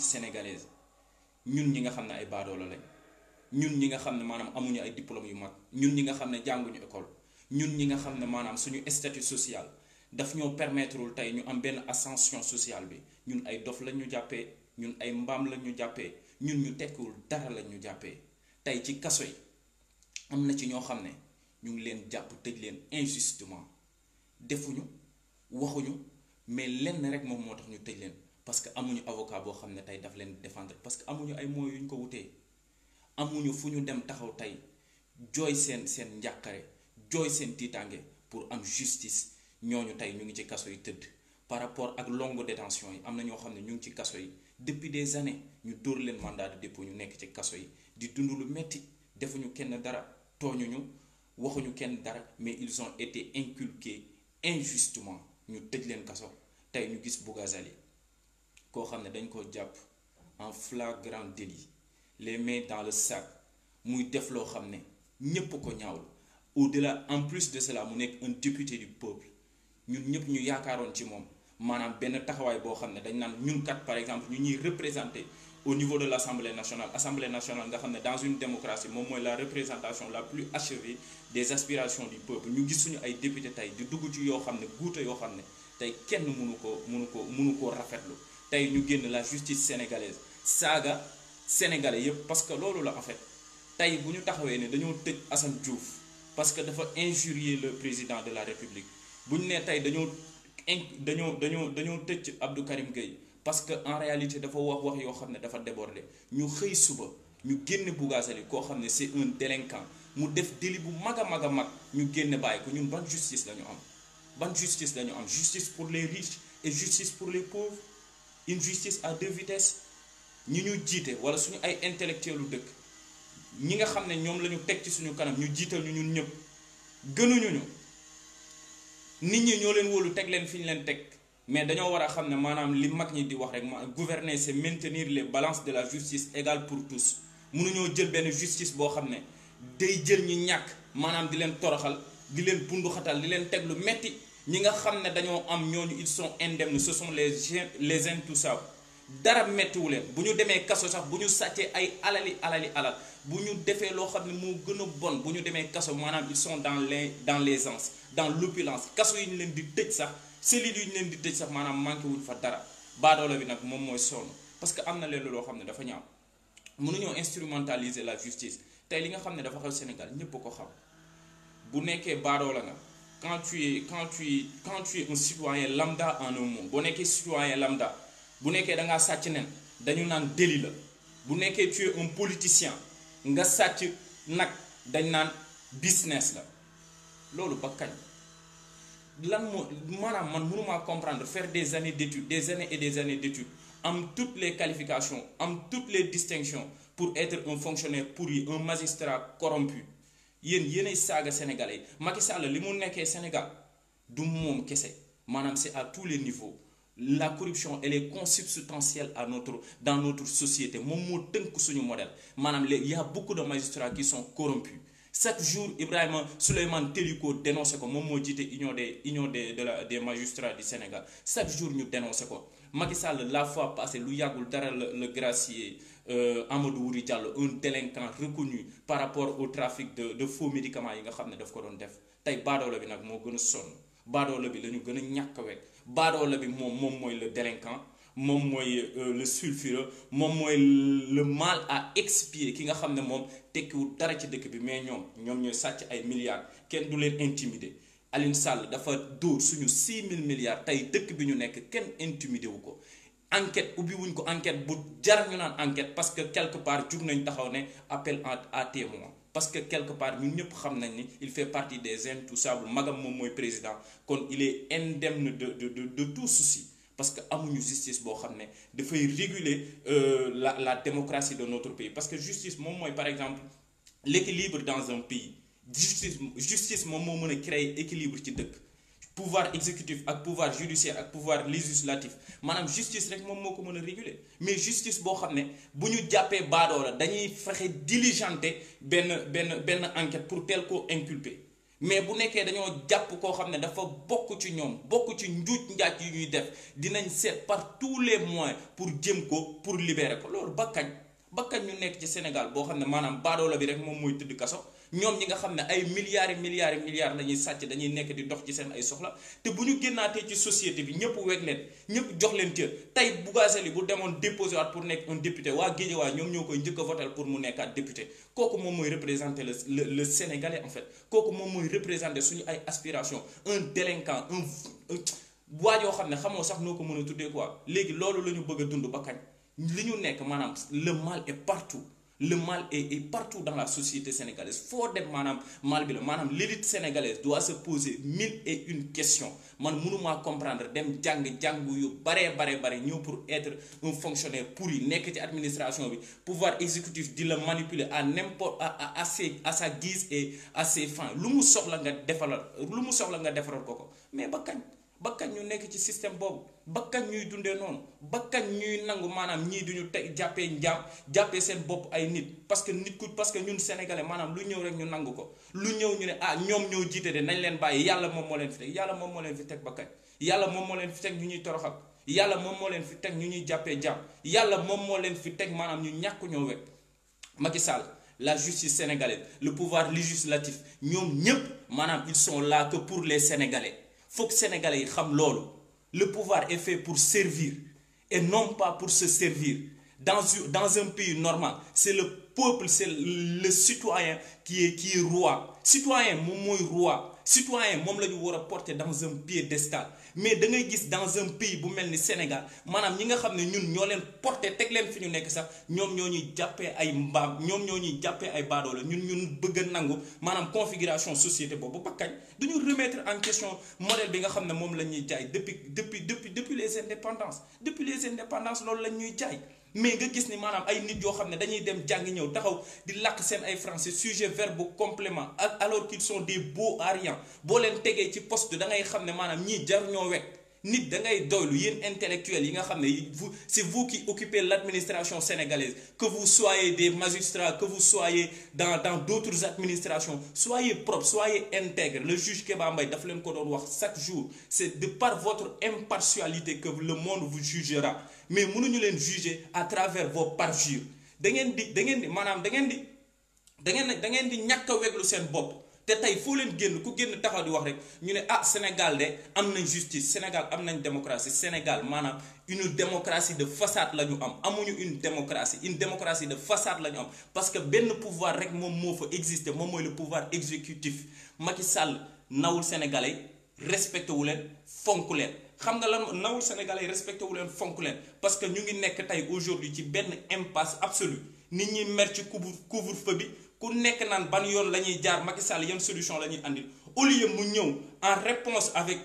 sénégalaise ñun ñi nga xam ne ay baadoola lañ ñun ñi nga xam ne maanaam amuñu ay diplôme yu mag ñun ñi nga xam ne jànguñu école ñun ñi nga xam ne maanaam suñu statut sociale daf ñoo permettre tey ñu am benn ascension sociale bi ñun ay dof lañ ñu jàppee ñun ay mbaam lañ ñu jàppee ñun ñu tekkiwul dara lañ ñu jàppee tey ci kaso yi am na ci ñoo xam ne ñu ngi leen jàpp tëj leen injustement defuñu waxuñu mais lenn rek moom moo tax ñu tëj leen parce que amuñu avocat boo xam ne tey daf leen défendre parce que amuñu ay moyens yu ñu ko wutee amuñu fu ñu dem taxaw tey jooy seen seen njàqare jooy seen tiitaange pour am justice ñooñu tey ñu ngi ci kaso yi tëdd par rapport ak longue détention yi am na ñoo xam ne ñu ngi ci kaso yi depuis des années ñu dóor leen mandat de ñu nekk ci kaso yi di dund lu metti defuñu kenn dara tooñuñu waxuñu kenn dara mais ils ont été inculqués injustement ñu tëj leen kaso tey ñu gis Bougazelli koo xam ne dañ ko jàpp en flagrant délit les mais dans le sac muy def loo xam ne ñépp ko ñaawlu au delà en plus de cela mu nekk un député du peuple ñun ñëpp ñu yaakaaroon ci moom maanaam benn taxawaay boo xam ne dañ naan ñun kat par exemple ñu ñuy représenter au niveau de l' assemblée nationale assemblée nationale nga xam ne dans une démocratie moom mooy la représentation la plus achevée des aspirations du peuple ñu gis suñu ay député tey di dugg ci yoo xam ne guute yoo xam ne tey kenn mënu ko mënu ko mënu koo rafetlu tey ñu génn la justice sénégalaise saaga sénégalais yëpp parce que loolu la en fait tey bu ñu taxawee ne dañoo tëj Assane Diouf parce que dafa injurier le président de la république bu ñu nee tey dañoo dañoo dañoo dañoo tëj Abdou Karim Gueye parce que en réalité dafa wax wax yoo xam ne dafa débordé ñu xëy suba ñu génn Bouga koo xam ne c'est un délinquant mu def délit bu mag a mag a mag ñu génn bàyyi ko ñun ban justice lañu am ban justice la ñu am justice pour les riches et justice pour une justice à deux vitesses ñi ñu jiite wala suñu ay intellectuels dëkk ñi nga xam ne ñoom la ñu teg ci suñu kanam ñu jiital ñu ñun ñëpp gënuñu ñu nit ñi ñoo leen wóolu teg leen fi ñu leen teg mais dañoo war a xam ne maanaam li mag ñi di wax rek ma gouverner c'est maintenir les balances de la justice égale pour tous mënuñoo jël benn justice boo xam ne day jël ñi ñàkk maanaam di leen toroxal di leen bunduxatal di leen teg lu metti ñi nga xam ne dañoo am ñoo ils sont indemnes ce sont les les intouchables dara mettiwu leen bu ñu demee kaso sax bu ñu sàccee ay alali alali alal bu ñu defee loo xam ne moo gën a bon bu ñu demee kaso maanaam ils sont dans les dans l'aisance dans l'opulence kaso yi ñu leen di tëj sax cellules yi ñu leen di tëj sax maanaam manqué wuñ fa dara baadoola bi nag moom mooy sonn parce que am na leen loo xam ne dafa ñaaw mënuñoo instrumentaliser la justice tey li nga xam ne dafa xew Sénégal ñëpp ko xam bu nekkee baadoola nga. quand tu es quand tu es quand tu es citoyen lambda en un mot boo nekkee citoyen lambda bu nekkee da ngaa sàcc nen dañu naan délit la bu nekkee tu es un politicien nga sàcc nag dañ naan business la loolu ba kañ lan moo maanaam man mënumaa comprendre faire des années d'études des années et des années d'études am toutes les qualifications am toutes les distinctions pour être un fonctionnaire pourri un magistrat corrompu yéen yéenay saaga sénégalais yi Macky Sall li mu nekkee Sénégal du moom kese maanaam c'est à tous les niveaux la corruption elle est consubstantielle à notre dans notre société moom moo tënk suñu model maanaam léegi y a beaucoup de magistrats qui sont chaque jour Ibrahima Souleymane Téliko dénoncé ko moom moo jiite union des union des de la des magistrats du Sénégal chaque jour ñu dénoncé ko Macky Sall la fois passée lu yàggul dara la le gracier euh, Amadou Wuri Diallo un délinquant reconnu par rapport au trafic de de faux médicaments yi nga xam ne daf ko doon def tey baadoola bi nag moo gën a sonn baadoola bi la ñu gën a ñàkk a wekk bi moom moom mooy le délinquant moom mooy euh, le sulfureux moom mooy le mal à expier ki nga xam ne moom tekkiwul dara ci dëkk bi mais ñoom ñoom ñooy sàcc ay milliards kenn du leen intimider Alioune Sall dafa dóor suñu 6 000 milliards tey dëkk bi ñu nekk kenn intimider wu ko enquête ubbi wuñ ko enquête bu jar ñu naan enquête parce que quelque part jug nañ taxaw ne appel à témoin parce que quelque part ñun ñëpp xam nañ ni il fait partie des intouchables magam moom mooy président kon il est indemne de de de tout souci parce que amuñu justice boo xam ne dafay réguler euh, la la démocratie de notre pays parce que justice moom mooy par exemple l'équilibre dans un pays justice justice moom moo mën a créer équilibre ci dëkk. pouvoir exécutif ak pouvoir judiciaire ak pouvoir législatif maanaam justice rek moom moo ko mën a réguler mais justice boo xam ne bu ñu jàppee baadoo dañuy fexe diligenter benn benn benn enquête pour teel ko inculper mais bu nekkee dañoo jàpp koo xam ne dafa bokk ci ñoom bokk ci njuuj njaaj yu ñuy def dinañ seet par tous les moins pour jëm ko pour libérer ko loolu bakkañ bakkañ ñu nekk ci Sénégal boo xam ne maanaam baadoo bi rek moom mooy tëdd kaso ñoom ñi nga xam ne ay milliards milliards milliards la ñuy sàcc dañuy nekk di dox ci seen ay soxla te bu ñu génnaatee ci société bi ñëpp weg leen ñëpp jox leen cër tey Bougazelli bu demoon déposé waat nekk un député waa Guédiawaye ñoom ñoo koy njëkk a voté mu nekkaat député kooku moom mooy représenter le le Sénégalais fait kooku moom mooy représenter suñu ay aspirations un délinquant un yoo xam ne xamoo sax noo ko mën a tuddee quoi léegi loolu la ñu bëgg a dund ba li ñu nekk maanaam le mal est partout le mal est, est partout dans la société sénégalaise foo dem maanaam mal bi la maanaam l'élite sénégalaise doit se poser mille et une question man mënumaa comprendre dem jàng jàng yu baree bare bare ñëw pour être un fonctionnaire yi nekk ci administration bi pouvoir exécutif di la manipuler à n'importe à à ses à sa guise et à ses lu mu soxla nga defalal lu mu soxla nga defaral ko ko mais ba kañ ba kañ ñu nekk ci système boobu. ba ñuy dundee noonu ba kañ ñuy nangu maanaam ñii duñu teg jàppee njaam jàppee seen bopp ay nit parce que nit ku parce que ñun sénégalais maanaam lu ñëw rek ñu nangu ko lu ñëw ñu ne ah ñoom ñëw jiite de nañ leen bàyyi yàlla moom moo leen fi teg yàlla moom moo leen fi teg ba kañ moom moo leen fi teg ñu ñuy toroxal yàlla moom moo leen fi teg ñu ñuy jàppee jàmm yàlla moom moo leen fi teg maanaam ñu ñàkk ñoo wekk Macky Sall la justice sénégalaise le pouvoir législatif ñoom ñëpp maanaam ils sont là pour les sénégalais foog sénégalais yi xam loolu Le pouvoir est fait pour servir et non pas pour se servir. Dans, dans un pays normal, c'est le peuple, c'est le citoyen qui est, qui est roi. Citoyen, mon roi. Citoyen, mon le porter dans un piédestal. mais da ngay gis dans un pays bu mel ni Sénégal maanaam ñi nga xam ne ñun ñoo leen porté teg leen fi ñu nekk sax ñoom ñoo ñuy jàppee ay mbaam ñoom ñoo ñuy jàppee ay baadoo ñun ñun bëgg nangu maanaam configuration société boobu ba kañ duñu remettre en question modèle bi nga xam ne moom la ñuy jaay depuis depuis depuis depuis les indépendances depuis les indépendances loolu la ñuy jaay mais nga gis ni maanaam ay nit yoo xam ne dañuy dem jàngi ñëw taxaw di làkk seen ay français sujet verbe complément ak alors qu'ils sont des beaux ariens boo leen tegee ci poste da ngay xam ne maanaam ñii jar ñoo wekk nit da ngay doylu yéen intellectuels yi nga xam ne vous c'est vous qui occupez l'administration sénégalaise que vous soyez des magistrats que vous soyez dans dans d'autres administrations soyez propre soyez intègre le juge Kéba Mbaye daf leen ko doon wax chaque jour c'est de par votre impartialité que le monde vous jugera mais mënuñu leen juger à travers vos parjures da ngeen di dangeen di maanaam da ngeen di da ngeen da di ñàkk a weglu seen bopp te tey foo leen génn ku génn taxaw di wax rek ñu ne ah Sénégal de am nañ justice Sénégal am nañ démocratie Sénégal maanaam une démocratie de façade la ñu am amuñu une démocratie une démocratie de façade la ñu am parce que benn pouvoir rek moom moo fa existé moom mooy le pouvoir exécutif Macky Sall nawul sénégalais respecté wu leen fonk leen. xam nga lan nawul sénégalais respecté wu leen fonk leen parce que ñu ngi nekk tey aujourd'hui ci benn impasse absolue nit ñi mer ci couvre couvre feu bi ku nekk naan ban yoon la ñuy jaar Macky Sall solution la ñuy andil au lieu mu ñëw en réponse avec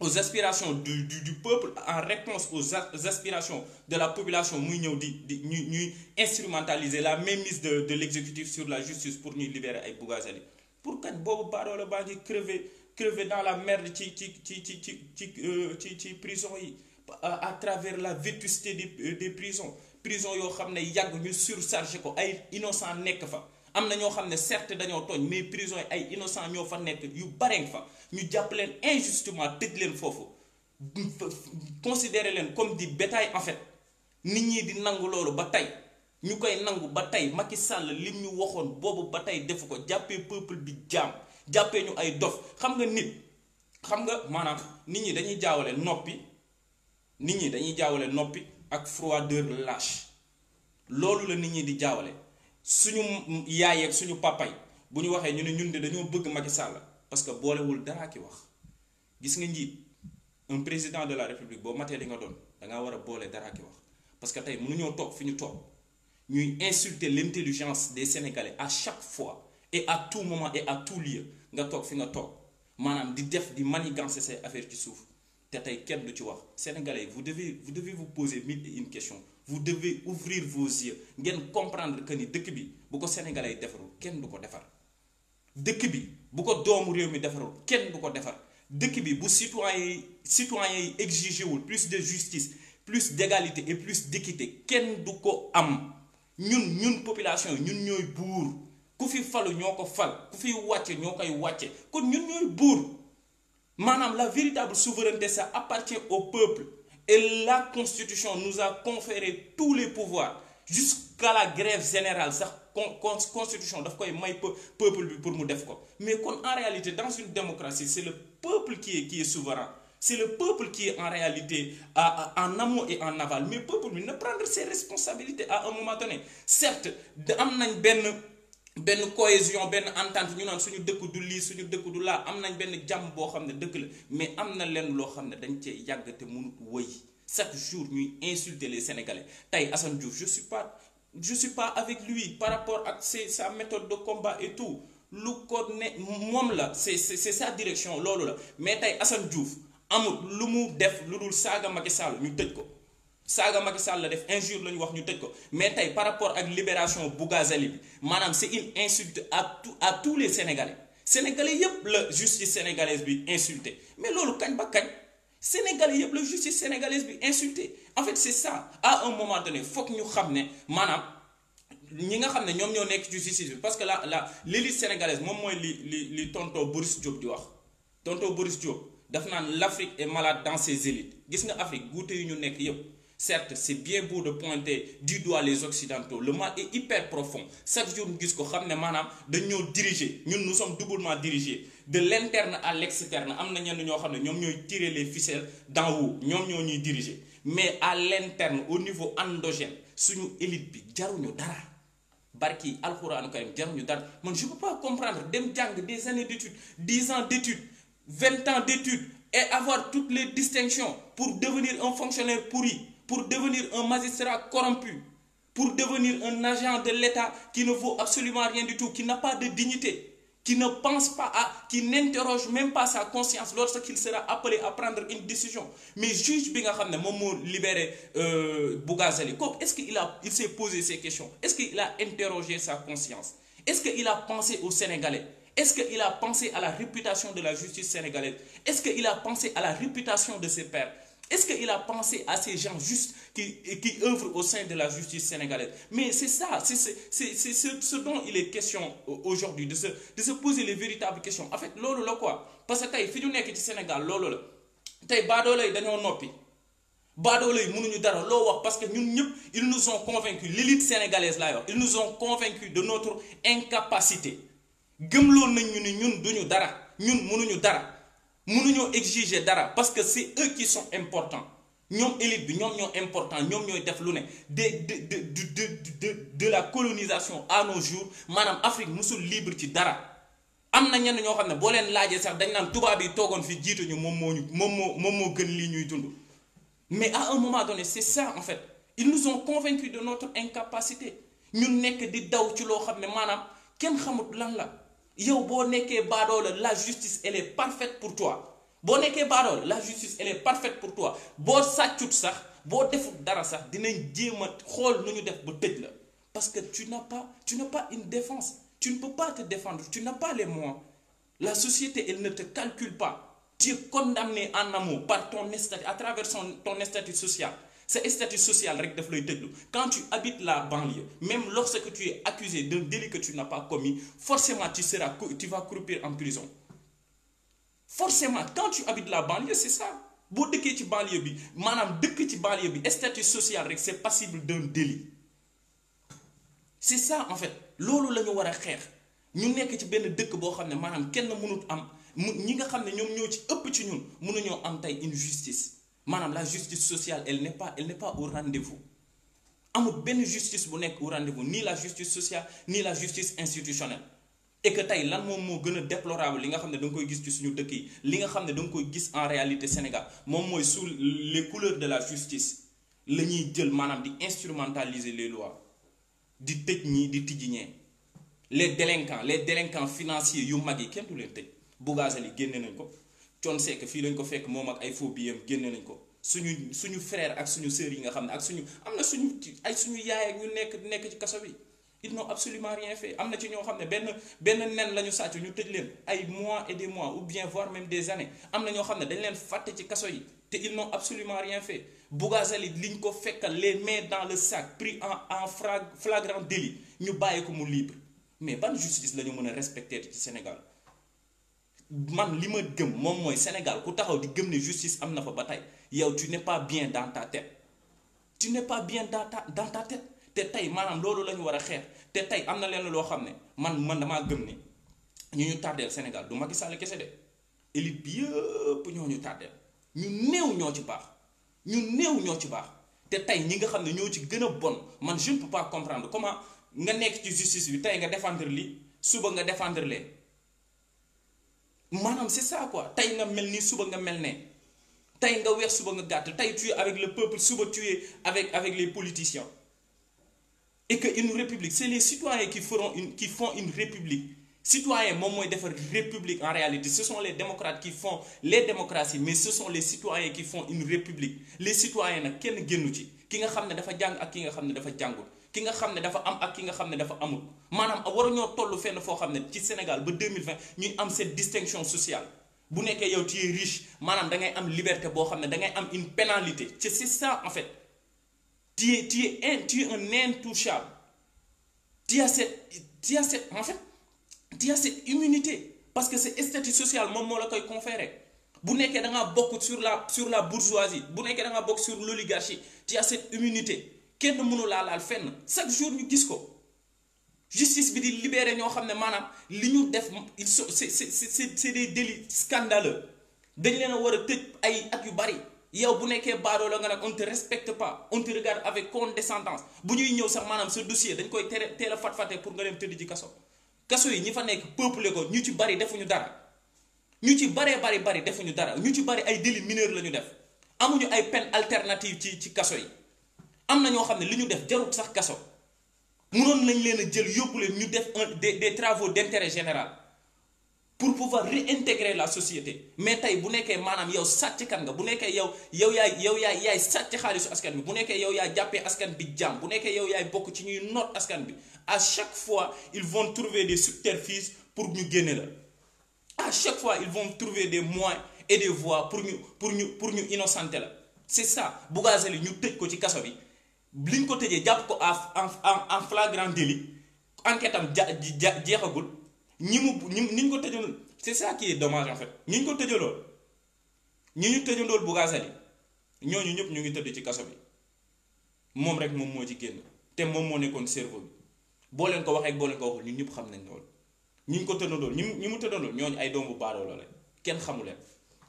aux aspirations du du du peuple en réponse aux aspirations de la population muy ñëw di di ñuy ñuy instrumentaliser la mainmise de de l'exécutif sur la justice pour ñuy libérer ay Bougazelli pour kat boobu baadoola baa crever dans la merde ci ci ci ci ci ci euh, ci ci prison yi à travers la vétusté des euh, de prisons prison yoo xam ne yàgg ñu surchargé ko ay innocent nekk fa am na ñoo xam ne certes dañoo tooñ mais prison yi ay innocent ñoo fa nekk yu bareng fa ñu jàpp leen injustement tëj leen foofu considérer leen comme di bétail en fait nit ñi di nangu loolu ba tey ñu koy nangu ba tey Macky Sall lim ñu waxoon boobu ba tey defu ko jàppee peuple di jaam jàppee ñu ay dof xam nga nit xam nga maanaam nit ñi dañuy jaawale noppi nit ñi dañuy jaawale noppi ak froideur lâche loolu la nit ñi di jaawale suñu yaay ak suñu papay bu ñu waxee ñu ne ñun de dañoo bëgg Macky Sall parce que boolewul daraa ki wax gis nga njiit un président de la république boo matee li nga doon dangaa war a boole daraa ki wax parce que tey mënuñoo toog fi ñu toog ñuy insulter l'intelligence des Sénégalais à chaque fois et à tout moment et à nga toog fi nga toog maanaam di def di manigancer say affaire ci suuf te tey kenn du ci wax sénégalais vous devez vous devez vous poser mille et une questions vous devez ouvrir vos yeux ngeen comprendre que ni dëkk bi bu ko sénégalais yi defarul kenn du ko defar dëkk bi bu ko doomu réew mi defarul kenn du ko defar dëkk bi bu citoyen yi citoyen yi exigé wul plus de justice plus d'égalité et plus d'équité kenn du ko am ñun ñun population ñun ñooy buur ku fi falu ñoo ko fal ku fi wàcce ñoo koy wàcce kon ñun ñooy buur maanaam la véritable souveraineté ça appartient au peuple et la constitution nous a conféré tous les pouvoirs jusqu'à la grève général sax con constitution daf koy may peuple bi pour mu def ko mais kon en réalité dans une démocratie c'est le peuple qui est qui est souverain c'est le peuple qui est en réalité à, en amont et en naval mais peuple bi na prendre ses responsabilités à un moment donné am nañ benn benn cohésion benn entente ñu naan suñu dëkk du lii suñu dëkk du laa am nañ benn jàmm boo xam ne dëkk la mais am na leen loo xam ne dañ cee yàgg te mënut wëy chaque jour ñuy insulter les sénégalais tey Assane Diouf je suis pas je suis pas avec lui par rapport ak ses sa méthode de combat et tout lu ko ne moom la c'est c'est sa direction loolu la mais tey Assane Diouf amul lu mu def lu dul saaga Macky ñu tëj ko. saaga Macky Sall la def injure la ñu wax ñu tëj ko mais tey par rapport ak libération Bougazali bi maanaam c'est une insulte à tout à tous les sénégalais sénégalais yëpp la justice sénégalaise bi insulté mais loolu kañ ba kañ sénégalais yëpp la justice sénégalaise bi insulté en fait c'est ça à un moment donné foog ñu xam ne maanaam ñi nga xam ne ñoom ñoo nekk ci justice bi parce que la la l'élite sénégalaise moom mooy li li li tonton Boris Diop ji wax tonton Boris Diop daf naan l'Afrique et malade dans ses gis nga Afrique guute yu ñu nekk yëpp. certes c'est bien beau de pointer du doigt les occidentaux le mal est hyper profond chaque jour ñu gis ko xam ne maanaam dañoo diriger ñun nous sommes doublement dirigés de l'interne à l'externe am na ñenn ñoo xam ne ñoom ñooy tirer les ficelles d'en haut ñoom ñoo ñuy diriger mais à l'interne au niveau endogène suñu élite bi jaruñu dara barki alxuraanu karim jaruñu dara man je peux pas comprendre dem jàng des années d'études dix ans d'études vingt ans d'études et avoir toutes les distinctions pour devenir un fonctionnaire pourri pour devenir un magistrat corrompu, pour devenir un agent de l'État qui ne vaut absolument rien du tout, qui n'a pas de dignité, qui ne pense pas à, qui n'interroge même pas sa conscience lorsqu'il sera appelé à prendre une décision. Mais juge bi nga xam ne moom moo libéré euh, Bougazali kooku est-ce qu'il a il s'est posé ces questions est-ce qu'il a interrogé sa conscience est-ce qu'il a pensé aux Sénégalais est-ce qu'il a pensé à la réputation de la justice sénégalaise est-ce qu'il a la réputation de ses pairs Est-ce qu'il a pensé à ces gens justes qui, qui œuvrent au sein de la justice sénégalaise Mais c'est ça, c'est ce dont il est question aujourd'hui, de se, de se poser les véritables questions. En fait, lolo la quoi Parce que tay fi ñu nekk ci Sénégal lolo la. Tay baadoo lay dañoo noppi. baadoo lay mënuñu dara loo wax parce que ñun ñëpp ils nous ont convaincus l'élite sénégalaise laa yor ils nous ont convaincus de notre incapacité gëmloon nañ ñu ni ñun duñu dara ñun mënuñu dara mënuñoo exiger dara parce que c'est eux qui sont important ñoom élite bi ñoom ñoo important ñoom ñooy def lu ne de de de de de la colonisation à nos jours maanaam Afrique musul libre ci dara. am na ñenn ñoo xam ne boo leen laajee sax dañ naan tubaab yi toogoon fii jiituñu moom moo ñu moom moo moom moo gën lii ñuy dund mais à un moment donné c'est ça en fait ils nous ont convaincus de notre incapacité ñun nekk di daw ci loo xam ne maanaam kenn xamut lan la. yow boo nekkee baadoola la justice elle est parfaite pour toi boo nekkee baadoola la justice elle est parfaite pour toi boo sàccut sax boo defut dara sax dinañ jéem a xool nu ñu def ba tëj la parce que tu n'as pas tu n'as pas une défense tu ne peux pas te défendre tu n'as pas les moyens la société elle ne te calcule pas tu es condamné en amour par ton statut à travers son ton statut social sa statut social rek daf lay tëjlu quand tu la banlieue même lorsque tu es accusé d'un délit que tu n'as pas commis forcément tu seras tu vas croupir en prison forcément quand tu la banlieue c'est ça boo dëkkee ci banlieue bi maanaam dëkk ci banlieue bi statut social rek c'est passible d'un délit c'est ça en fait loolu la ñu war a xeex ñu nekk ci benn dëkk boo xam ne maanaam kenn mënut am mu ñi nga xam ne ñoom ñoo ci ëpp ci ñun mënuñoo am tey une maanaam la justice sociale elle n'est pas elle n'est pas au rendez-vous amul benn justice bu nekk au rendez-vous ni la justice sociale ni la justice institutionnelle et que tey lan moom moo gën a déplorable li nga xam ne danga koy gis ci suñu dëkk yi li nga xam ne da nga koy gis en réalité Sénégal moom mooy sous les couleurs de la justice la ñuy jël maanaam di instrumentaliser les lois di tëj ñii di tijji ñee les délinquants les délinquants financier yu mag yi kenn du leen tëj Bougazelli génne nañ ko. Thione Seck fii lañ ko fekk moom ak ay faux billets génne nañ ko suñu suñu frère ak suñu sœur yi nga xam ne ak suñu am na suñu ay suñu yaay ak ñu nekk nekk ci kaso bi ils n'ont absolument rien fait am na ci ñoo xam ne benn benn nen la ñu sàcc ñu tëj leen ay mois et des mois bien voire même des années am na ñoo xam ne dañ leen fàtte ci kaso yi te ils n'ont absolument rien fait Bougazali liñ ko fekkal les mais dans le sac pris en en flagrant délit ñu bàyyi ko mu libre mais ban justice la ñu mën a respecter ci Sénégal. man li ma gëm moom mooy Sénégal ku taxaw di gëm ne justice am na fa ba tey yow tu n'es pas bien dans ta tête tu n'es pas bien dans ta dans te tey maanaam loolu la war a xeer te tey am na leen loo xam ne man man damaa gëm ne ñu ñu tardeel Sénégal du Macky Sall kese de élite bi yëpp ñoo ñu tardeel ñu néew ñoo ci baax ñu néew ñoo ci baax te tey ñi nga xam ne ñoo ci gën a bon man je ne peux comprendre comment nga nekk ci justice bi tey nga défendre lii suba nga défendre lee maanaam c'est ça quoi tey nga mel nii suba nga mel ne tey nga weex suba nga gàtt tey tu es avec le peuple suba tu avec avec les politiciens et que une république c'est les citoyens qui feront une qui font une république citoyen moom mooy defar république en réalité ce son les démocrates qui font les démocraties mais ce sont les citoyens qui font une république les citoyens na kenn génnu ci ki nga xam ne dafa jàng ak ki nga xam ne dafa jàngul ki nga xam ne dafa am ak ki nga xam ne dafa amul maanaam waruñoo toll fenn foo xam ne ci Sénégal ba 2020 ñuy am cette distinction sociale bu nekkee yow tu es riche maanaam dangay am liberté boo xam ne dangay am une pénalité ci c'est ça en fait tu es un tu es un intouchable tu as cette tu as cette en fait tu as immunité parce que c'est statut social moom moo la koy conféré bu nekkee da bokk sur la sur la bourgeoisie bu nekkee da ngaa bokk sur l'oligarchie tu as kenn mënulaa laal fenn chaque jour ñu gis ko justice bi di libéré ñoo xam ne maanaam li ñu def ils sont c'est c'est c'est des délits scandaleux dañ leen a war a tëj ay at yu bari yow bu nekkee baadoo la nga nag on te respecte pas on te regarde avec condescendance bu ñuy ñëw sax maanaam sa dossier dañ koy tere teel a fat-fate pour nga dem tëdd ji kaso kaso yi ñi fa nekk peuplé ko ñu ci bari defuñu dara ñu ci baree bari bari defuñu dara ñu ci bari ay délits mineurs la ñu def amuñu ay peine alternative ci ci kaso yi am na ñoo xam ne li ñu def jarut sax kaso mënoon nañ leen a jël yóbbu leen ñu def de des des travaux d'intérêt général pour pouvoir réintégrer la société mais tey bu nekkee maanaam yow sàcc kan nga bu nekkee yow yow yaay yow yaay yaay sàcc xaalisu askan bi bu nekkee yow yaay jàppee askan bi jàmm bu nekkee yow yaay bokk ci ñuy noot askan bi à chaque fois ils vont trouver des subterfuges pour ñu génne la à chaque fois ils vont trouver des mois et des voies pour ñu pour ñu pour ñu innocenter la c'est ça Bougazelli ñu tëj ko ci kaso bi li ñu ko tëjee jàpp ko en en flagrant délit enquête am ja jeexagul ñi mu ñi ni ñu ko tëjoon c'est ça qui est dommage en fait ñi ñu ko tëjaloon ñi ñu tëjandool Bougazelli ñooñu ñëpp ñu ngi tëdd ci kaso bi moom rek moom moo ci génn te moom moo nekkoon cerveau bi boo leen ko waxee boo leen ko waxul ñun ñëpp xam nañ loolu ñi ñu ko tëjandool ñi mu ñi mu tëjandool ñooñu ay doomu baadoo la kenn xamu leen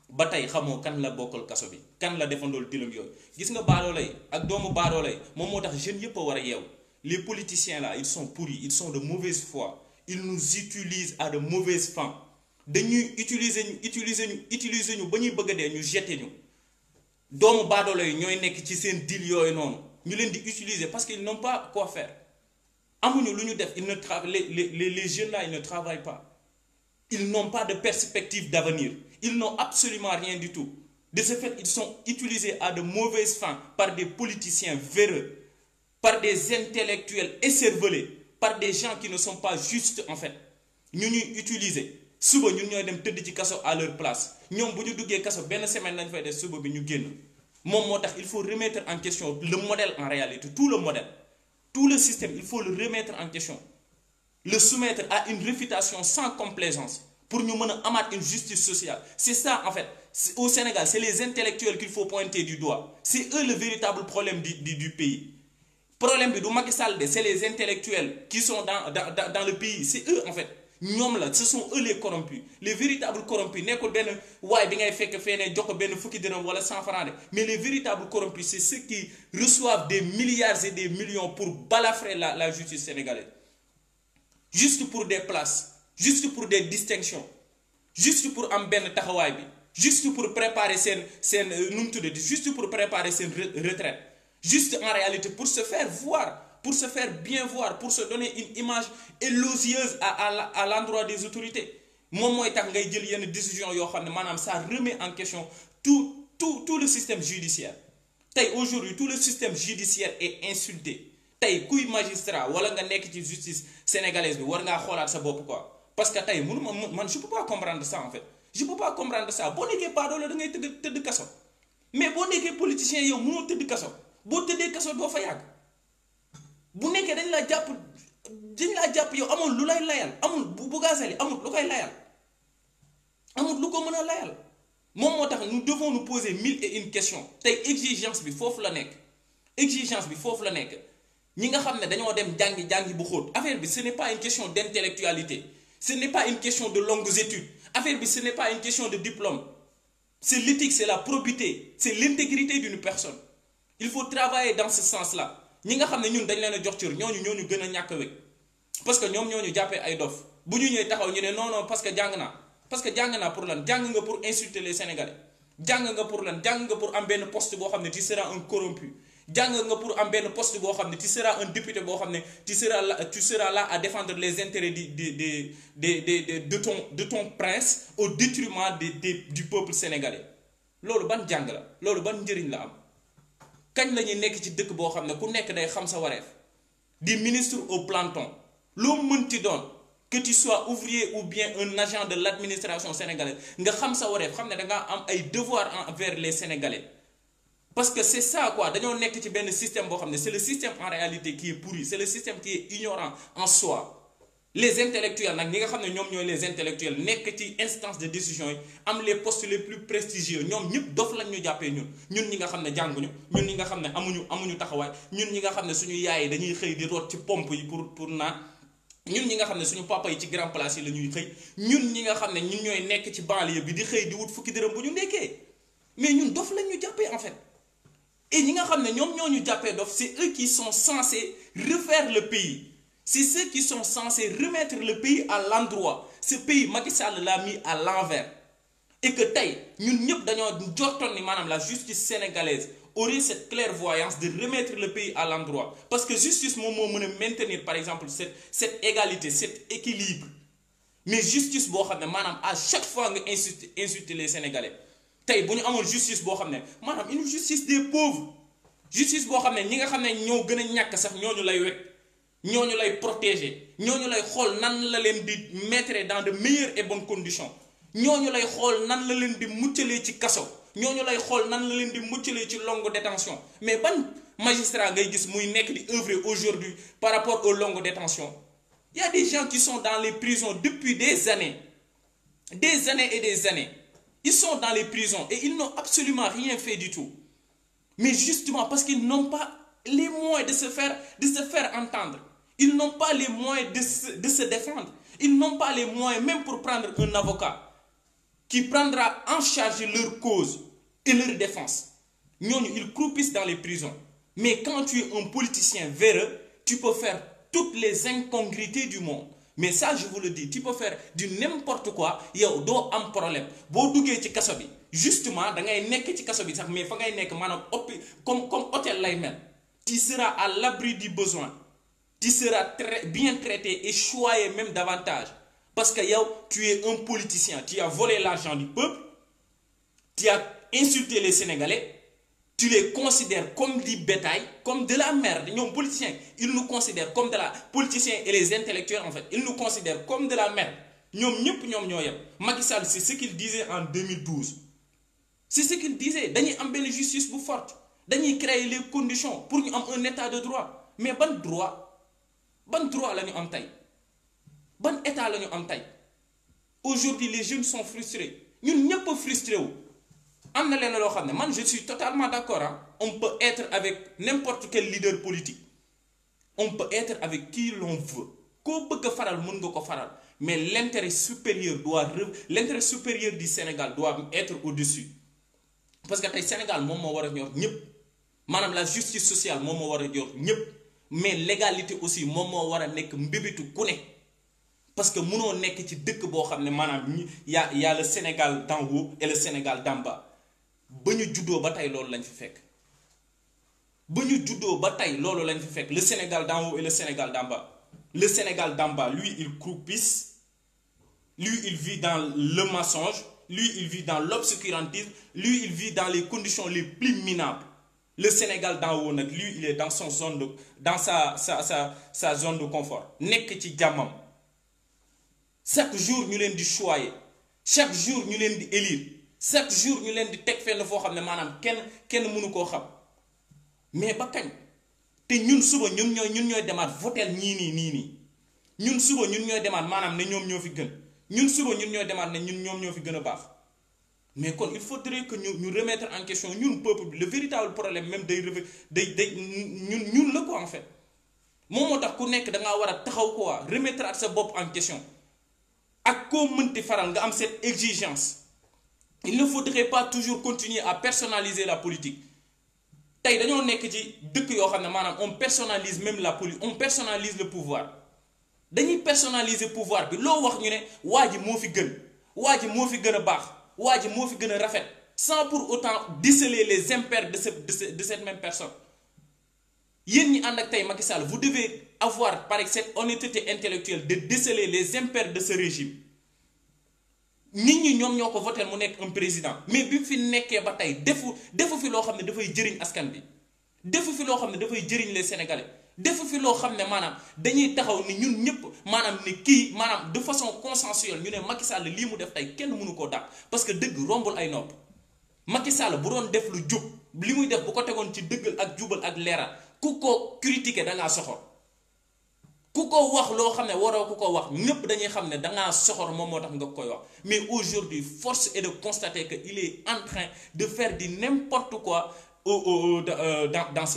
ba tey xamoo kan la bokkal kaso bi kan la defandool tilim yooyu gis nga baadoolay ak doomu baadoolay moom moo tax jeunes yëpp a war a yeew les politiciens là ils sont pourris ils sont de mauvaise fois ils nous utilisent à dañuy utiliser ñu utiliser ñu utiliser ñu ba ñuy bëgg a dee ñu jeté ñu doomu baadoolo yi ñooy nekk ci seen deal yooyu noonu ñu leen di utiliser parce qu'ils n'ont pas quoi faire amuñu lu ñu def ils ne travaillent le les les jeunes là ils ne travaillent pas. ils n'ont pas de perspective d'avenir ils n'ont absolument rien du tout de ce fait ils sont utilisés à de mauvaises fins par des politiciens véreux par des intellectuels écervelés par des gens qui ne sont pas justes en fait ñu ñuy utiliser suba ñun ñooy dem tëdd ci kaso à leur place ñoom bu ñu duggee kaso benn semaine lañ fay def suba bi ñu génn moom moo tax il faut remettre en question le modèle en réalité tout le modèle tout le système il faut le en question le soumettre à une réfutation sans complaisance pour ñu mën a amaat une justice sociale c'est ça en fait au Sénégal c'est les intellectuels qu'il faut pointer du doigt c'est eux le véritable problème du du, du pays problème bi du Macky Sall de c'est les intellectuels qui sont dans dans dans le pays c'est eux en fait ñoom la ce sont eux les corrompus les véritables corrompus nekkul benn waaye bi ngay fekk fee ne jox ko benn fukki dërëm wala cent francs de mais les véritables corrompus c'est ceux des millions pour balafrer la la justice sénégalaise. juste pour des places juste pour des distinctions juste pour am benn taxawaay bi juste pour préparer seen seen euh, nu mu tuddati juste pour préparer seen retraite juste en réalité pour se faire voir pour se faire bien voir pour se donner une image élogieuse à à à l'endroit des autorités moom mooy tax ngay jël yenn décision yoo xam ne maanaam ça remet en question tout tout tout le système judiciaire tey aujourd'hui tout le système judiciaire est insulté tey kuy magistrat wala nga nekk ci justice sénégalaise bi war ngaa xoolaat sa bopp quoi parce que tey mënuma man je peux pas comprendre ça en fait je peux pas comprendre ça boo nekkee baadoolo da ngay tëdd tëdd kaso mais boo nekkee politicien yow mënoo tëdd kaso boo tëddee kaso doo fa yàgg bu nekkee dañ laa jàpp dañ laa jàpp yow amul lu lay layal amul bu Bougazelli amul lu koy layal amul lu ko mën a layal moom moo tax nous devons nous poser mille et une questions tey exigence bi foofu la nekk exigence bi foofu la nekk ñi nga xam ne dañoo dem jàngi jàngi bu xóot affaire bi ce n'est pas une question d'intellectualité ce n'est pas une question de longues études affaire bi ce n'est pas une question de diplôme c'est l'éthique c'est la probité c'est l'intégrité d'une personne il faut travailler dans ce sens-là ñi nga xam ne ñun dañ leen a jox cër ñooñu ñooñu gën a ñàkk wékk parce que ñoom ñooñu jàppee ay dof bu ñu ñëwee taxaw ñu ne non non parce que jàng naa parce que jàng naa pour lan jàng nga pour insulter les Sénégalais jàng nga pour lan jàng pour am benn poste boo xam ne tu seras jàng nga pour am benn poste boo xam ne tu sera un député boo xam ne tu seras là tu seras là à défendre les intérêts di di de di di de ton de ton prince au détriment des des du peuple sénégalais loolu ban jàng la loolu ban njëriñ la am kañ la nekk ci dëkk boo xam ne ku nekk day xam sa wareef di ministre au planton loo mënti doon que tu sois ouvrier ou bien un agent de l'administration sénégalaise nga xam sa wareef xam ne dangaa am ay devoir envers les sénégalais. parce que c'est ça quoi dañoo nekk ci benn système boo xam ne c'est le système en réalité qui est pourri c'est le système qui est ignorant en soi les intellectuels nag ñi nga xam ne ñoom ñooy les intellectuels nekk ci instance de décision yi am les postes les plus prestigieux ñoom ñëpp dof lañ ñu jàppee ñun ñun ñi nga xam ne jànguñu ñun ñi nga xam ne amuñu amuñu taxawaay ñun ñi nga xam ne suñu yaay yi dañuy xëy di root ci pompe yi pour pour naan. ñun ñi nga xam ne suñu papa yi ci grand la ñuy ñun ñi nga xam ne ñun ñooy nekk ci banlieue bi di xëy di wut fukki dërëm bu ñu nekkee mais ñun dof lañ ñu jàppee fait e ñi nga xam ne ñoom ñoo ñu jàppee dof c'est eux qui sont censés refaire le pays c'est ceux qui sont censés remettre le pays à l'endroit ce pays Macky Sall l'a mis à l'envers et que tey ñun ñëpp dañoo jortoon ni maanaam la justice sénégalaise aurait cette clairvoyance de remettre le pays à l'endroit parce que justice moom moo mën a maintenir par exemple cette cette égalité cet équilibre mais justice boo xam ne maanaam à chaque fois nga insulter insulter les tey bu ñu amoon justice boo xam ne maanaam une justice des pauvres justice boo xam ne ñi nga xam ne ñoo gën a ñàkk sax ñooñu lay ñoo ñu lay protéger ñooñu lay xool nan la leen di mettre dans de meilleures et condition ñoo ñu lay xool nan la leen di muccalee ci kaso ñu lay xool nan la leen di muccalee ci longue détention mais ban magistrat ngay gis muy nekk di œuvrer aujourd'hui par rapport au longues détentions il y a des gens qui sont dans les prisons depuis des années des années et des années Ils sont dans les prisons et ils n'ont absolument rien fait du tout. Mais justement parce qu'ils n'ont pas les moyens de se faire, de se faire entendre. Ils n'ont pas les moyens de se, de défendre. Ils n'ont pas les moyens même pour prendre un avocat qui prendra en charge leur cause et leur défense. Ñooñu, ils croupissent dans les prisons. Mais quand tu es un politicien véreux, tu peux faire toutes les incongruités du monde. mais ça je vous le dis tu peux faire du n'importe quoi yow doo am problème boo duggee ci kaso bi justement da ngay nekk ci kaso bi sax mais fa ngay nekk maanaam oppi comme comme hôtel lay mel tu seras à l'abri du besoin tu seras très bien traité et choyé même davantage parce que yow tu es un politicien tu as volé l'argent du peuple tu as insulté les Sénégalais tu les considères comme du bétail, comme de la merde. Nous, politiciens, ils nous considèrent comme de la... Politiciens et les intellectuels, en fait, ils nous considèrent comme de la merde. Nous, nous, nous, ñoo Macky Sall, c'est ce qu'il disait en 2012. C'est ce qu'il disait. Nous am une justice bu fort dañuy créer les conditions pour nous avoir un état de droit. Mais bon droit, ban droit, là, nous avons Bon état, là, nous avons Aujourd'hui, les jeunes sont frustrés. ñun nous pas frustrés. am na leen loo xam ne man je suis totalement d'accord ah on peut être avec n'importe quel leader politique on peut être avec qui l'on veut koo bëgg faral mun nga ko faral mais l'intérêt supérieur doit rev l'intérêt supérieur du Sénégal doit être au-dessus parce que tey Sénégal moom moo war a ñor ñëpp maanaam la justice sociale moom moo war a ñor ñëpp mais l'égalité aussi moom moo war a nekk mbibitu ku ne parce que mënoo nekk ci dëkk boo xam ne maanaam y a Sénégal d'en haut Sénégal d'en ba ñu juddoo ba tey loolu lañ fa fekk ba ñu juddoo ba tey loolu lañ fi fekk le Sénégal dan haut et le Sénégal d'en bas le Sénégal d'en bas lui il croupisse lui il vit dans le mensonge lui il vit dans l'obscurantisme lui il vit dans les conditions les plus minables le Sénégal d'en haut nag lui il est dans son zone de dans sa sa sa sa zone de confort nekk ci jàmmam chaque jour ñu leen di choyer chaque jour ñu leen di élire chaque jour ñu leen di teg fenn foo xam ne maanaam kenn kenn mënu koo xam mais ba kañ te ñun suba ñun ñooy ñun ñooy demaat votel ñii nii nii nii ñun suba ñun ñooy demaat maanaam ne ñoom ñoo fi gën ñun suba ñun ñooy demaat ne ñun ñoom ñoo fi gën a baax mais kon il faut faudrait que ñu ñu remettre en question ñun peuple bi le véritable problème même day day day ñun ñun la ko en fait moom moo tax ku nekk dangaa war a taxaw quoi remettre ak sa bopp en question ak koo mënti faral nga am cette exigence. il ne faudrait pas toujours continuer à personnaliser la politique tey dañoo nekk ci dëkk yoo xam ne maanaam on personalise même la politique on personalise le pouvoir dañuy personnaliser pouvoir bi loo wax ñu ne waa ji moo fi gën waa moo fi gën a baax waa moo fi gën a rafet sans pour autant déceler les impairs de ce de ce de cette même personne yéen ñi ànd ak tey Macky Sall vous devez avoir par exemple cette honnêteté intellectuelle de déceler les impairs de ce régime nit ñi ñoom ñoo ko voté mu nekk un président mais bi mu fi nekkee ba tey defu defu fi loo xam ne dafay jëriñ askan bi defu fi loo xam ne dafay jëriñ les sénégalais defu fi loo xam ne maanaam dañuy taxaw ni ñun ñëpp maanaam ni kii maanaam de façon consensuelle ñu ne Macky Sall lii mu def tey kenn mënu koo dàq parce que dëgg rombul ay nopp Macky Sall bu doon def lu jub li muy def bu ko tegoon ci dëggal ak jubal ak leeral ku ko critiquer da ngaa soxor. ku ko wax loo xam ne waroo ku ko wax ñëpp dañuy xam ne dangaa soxor moom moo tax nga koy wax mais aujourd'hui force est de constater que il est en train de faire du n'importe quoi au, au, euh, dans dans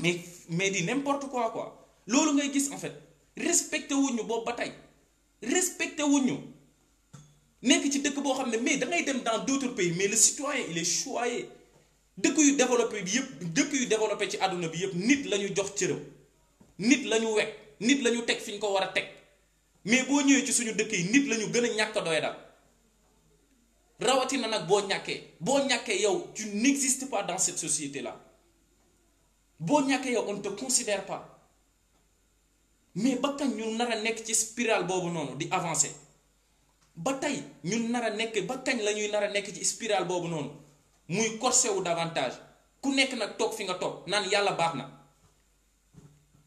mais mais di n'importe quoi quoi loolu ngay gis en fait respecté wuñu boobu ba tey respecté wuñu nekk ci dëkk boo xam ne mais da ngay dem dans d'autres pays mais le citoyen il est choyé dëkk yu développé bi yëpp dëkk yu développé ci àdduna bi yëpp nit la ñu jox cëram nit la ñu wekk nit la ñu teg fi ñu ko war a teg mais boo ñëwee ci suñu dëkk yi nit la ñu gën a ñàkk doy dal rawatina nag boo ñàkkee boo ñàkkee yow tu n'existes pas dans cette société la boo ñàkkee yow on te considère pas mais ba kañ ñu nar a nekk ci spirale boobu noonu di avancé ba tey ñu nar a nekk ba kañ la ñuy nar a nekk ci spirale boobu noonu muy corsé wu davantage ku nekk nag toog fi nga toog naan yàlla baax na.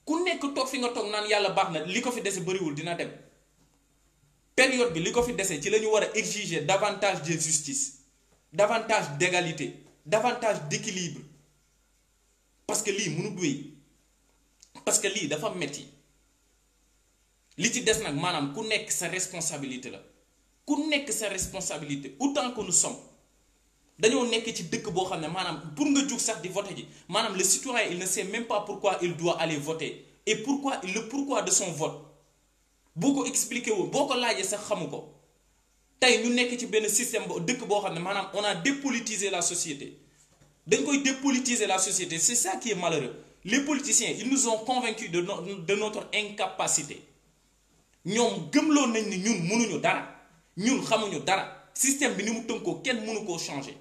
ku nekk toog fi nga toog naan yàlla baax na li ko fi dese bëriwul dina dem période bi li ko fi dese ci lañu war a exiger davantage de justice davantage d'égalité davantage d'équilibre parce que lii mënu duy parce que lii dafa metti li ci des nag maanaam ku nekk sa responsabilité la ku nekk sa responsabilité autant que nous sommes dañoo nekk ci dëkk boo xam ne maanaam pour nga jug sax di voter ji maanaam le citoyen il ne sait même pas pourquoi il doit aller voter et pourquoi le pourquoi de son vote boo ko expliqué woon boo ko laajee sax xamu ko tey ñu nekk ci benn système bo dëkk boo xam ne maanaam on a dépolitisé la société dañ koy dépolitiser la société c'est ça qui est malheureux les politiciens ils nous ont convaincus de no de notre incapacité ñoom gëmloo nañ ni ñun mënuñu dara ñun xamuñu dara système bi ni mu tënkoo kenn koo changer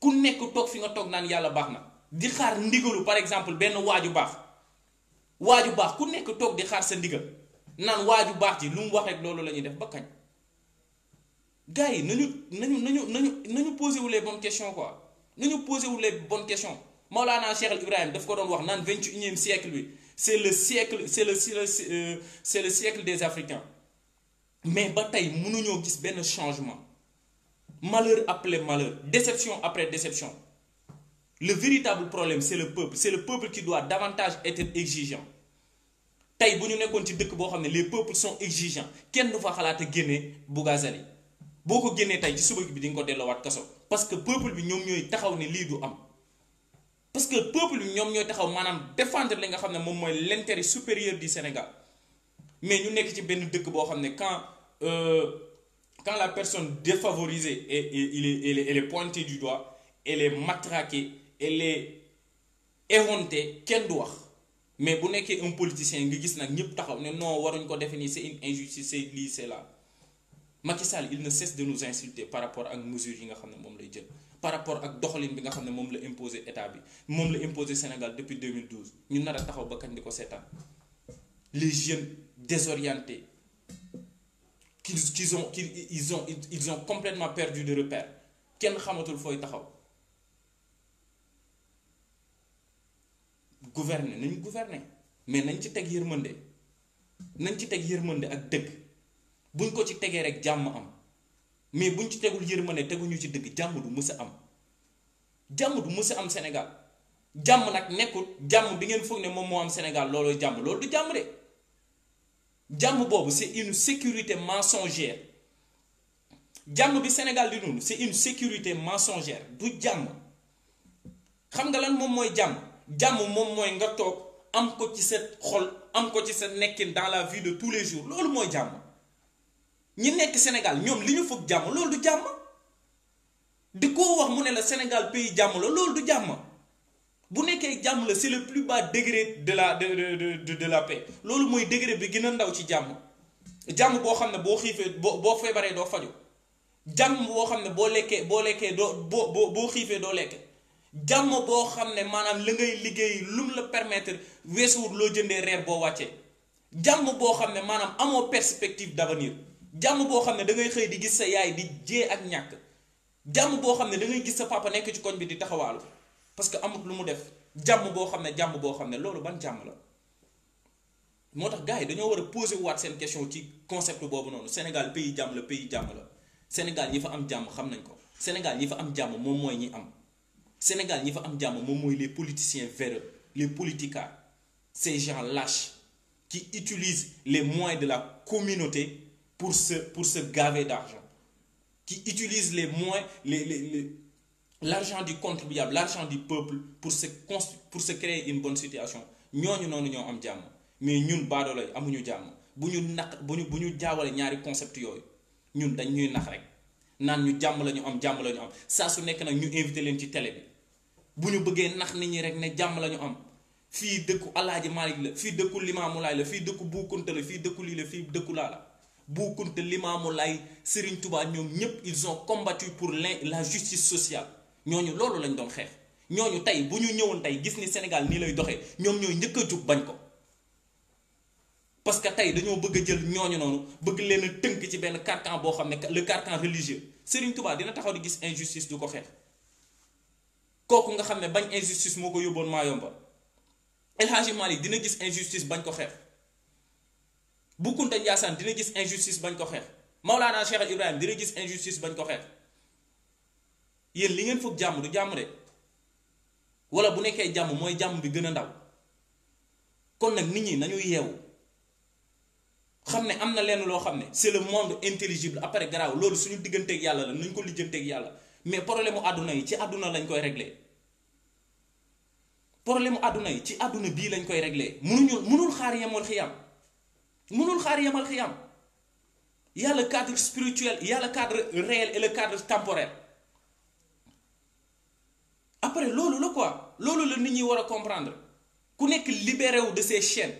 ku nekk toog fi nga toog naan yàlla baax na di xaar ndigalu par exemple benn waaju baax waaju baax ku nekk toog di xaar sa ndigal naan waaju baax ji lu mu wax rek loolu la ñuy def ba kañ gars yi nañu nañu nañu nañu nañu posé wu les bonnes questions quoi nañu posé wu les bonnes questions Maolana Cheikh Ibrahim daf ko doon wax naan vingt et unième siècle bi c'est le siècle c'est le c'est le siècle des Africains mais ba tey mënuñoo gis benn changement. malheur apple malheur déception après déception le véritable problème c'est le peuple c'est le peuple qui doit davantage être exigeant tey bu ñu nekkoon ci dëkk boo xam ne les peuples sont exigeants kenn du fa xalaat a génnee Bougazelli boo ko génnee tey ci suba bi di nga ko delloowaat kaso parce que peuple bi ñoom ñooy taxaw ne lii du am parce que peuple bi ñoom ñooy taxaw maanaam défendre li nga xam ne moom mooy l'intérêt supérieur du Sénégal mais ñu nekk ci benn dëkk boo xam ne quand euh, quand la personne défavorisée, est, est, elle, est, elle, elle est pointée du doigt, elle est matraquée, elle est éhontée, kenn du wax mais bu nekkee un politicien nga gis nag ñëpp taxaw ne non waruñ ko définir c'est une injustice c'est lii c'est là Macky Sall il ne cesse de nous insulter par rapport ak mesures yi nga xam ne moom lay jël par rapport ak doxalin bi nga xam ne moom la imposer état bi moom la imposer Sénégal depuis 2012 ñu nar a taxaw ba kañ di ko seetaan jeunes désorientés qu'ils qu'ils ont qu'ils ils ont ils ont complètement perdu de repère kenn xamatul fooy taxaw gouverner nañ gouverner mais nañ ci teg yërmande nañ ci teg yërmande ak dëgg buñ ko ci tegee rek jàmm am mais buñ ci tegul yërmande teguñu ci dëgg jàmm du mës a am jàmm du mës a am Sénégal jàmm nag nekkul jàmm bi ngeen foog ne moom moo am Sénégal loolooy jàmm loolu du jàmm de. jàmm boobu c'est une sécurité mensongère jàmm bi Sénégal di dund c'est une sécurité mensongère du jàmm xam nga lan moom mooy jàmm jàmm moom mooy nga toog am ko ci sa xol am ko ci sa nekkin dans la vie de tous les jours loolu mooy jàmm ñi nekk Sénégal ñoom li ñu foog jàmm loolu du jàmm di ko wax mu ne la Sénégal pays jàmm la loolu du jàmm bu nekkee jàmm la c'est le plus bas degré de la de de de la paix loolu mooy degré bi gën a ndaw ci jàmm jàmm boo xam ne boo xiifee boo boo feebaree doo faju jàmm boo xam ne boo lekkee boo lekkee doo boo boo boo xiifee doo lekke jàmm boo xam ne maanaam la ngay liggéey lu la permettre weesuwut loo jëndee reer boo wàccee jàmm boo xam ne maanaam amoo perspective d'avenir jàmm boo xam ne da ngay xëy di gis sa yaay di jee ak ñàkk jàmm boo xam ne da ngay gis sa papa nekk ci koñ bi di taxawaalu parce que amut lu mu def jàmm boo xam ne jàmm boo xam ne loolu ban jàmm la moo tax gars yi dañoo war a posé waat seen question ci concept boobu noonu Sénégal pays jàmm la pays jàmm la Sénégal ñi fa am jàmm xam nañ ko Sénégal ñi fa am jàmm moom mooy ñi am Sénégal ñi fa am jàmm moom mooy les politiciens véreux les politicards ces gens lache qui utilisent les moyens de la communauté pour se pour se gaver d'argent qui utilisent les moyens les les les l'argent du contribuable l'argent du peuple pour se const pour se créer une bonne situation ñooñu noonu ñoo am jàmm mais ñun baadoolo yi amuñu jàmm bu ñu naq bu ñu bu ñu jaawale ñaari concept yooyu ñun dañ ñuy nax rek naan ñu jàmm lañu am jàmm la am saa su nekk nag ñu invité leen ci tele bi bu ñu bëggee nax nit ñi rek ne jàmm lañu am fii dëkku Alaaji Malik la fii dëkku Limaamu Laay la fii dëkku Buukunta la fii dëkku lii la fii dëkku laa la Buukunta Limaamu Laay Serigne Touba ñoom ñépp ils ont combattu pour la justice sociale ñooñu loolu lañ doon xeex ñooñu tey bu ñu ñëwoon tey gis ni Sénégal nii lay doxee ñoom ñooy njëkk a bañ ko parce que tey dañoo bëgg a jël ñooñu noonu bëgg leen a tënk ci benn carcan boo xam ne le carcan religieux Serigne Touba dina taxaw di gis injustice du ko xeex kooku nga xam ne bañ injustice moo ko yóbboon maa yomba El Hadji dina gis injustice bañ ko xeex Bou Kounta Ndiassane dina gis injustice bañ ko xeex Maulana Cheikh Ibrahim dina gis injustice bañ ko xeex. yéen li ngeen foog jàmm du jàmm de wala bu nekkee jàmm mooy jàmm bi gën a ndaw kon nag nit ñi nañu yeewu xam ne am na leen loo xam ne c'est le monde intelligible après garaaw loolu suñu digganteeg yàlla la nañ ko lijjanteeg yàlla mais problème mu àdduna yi ci àdduna lañ koy régler problème àdduna yi ci àdduna bii lañ koy régler mënuñu mënul xaar yemal xiyam mënul xaar yemal xiyam yàlla cadre spirituel yàlla cadre réel et le cadre temporel après loolu la quoi loolu la nit ñi war a comprendre ku nekk libéré wu de ces chaine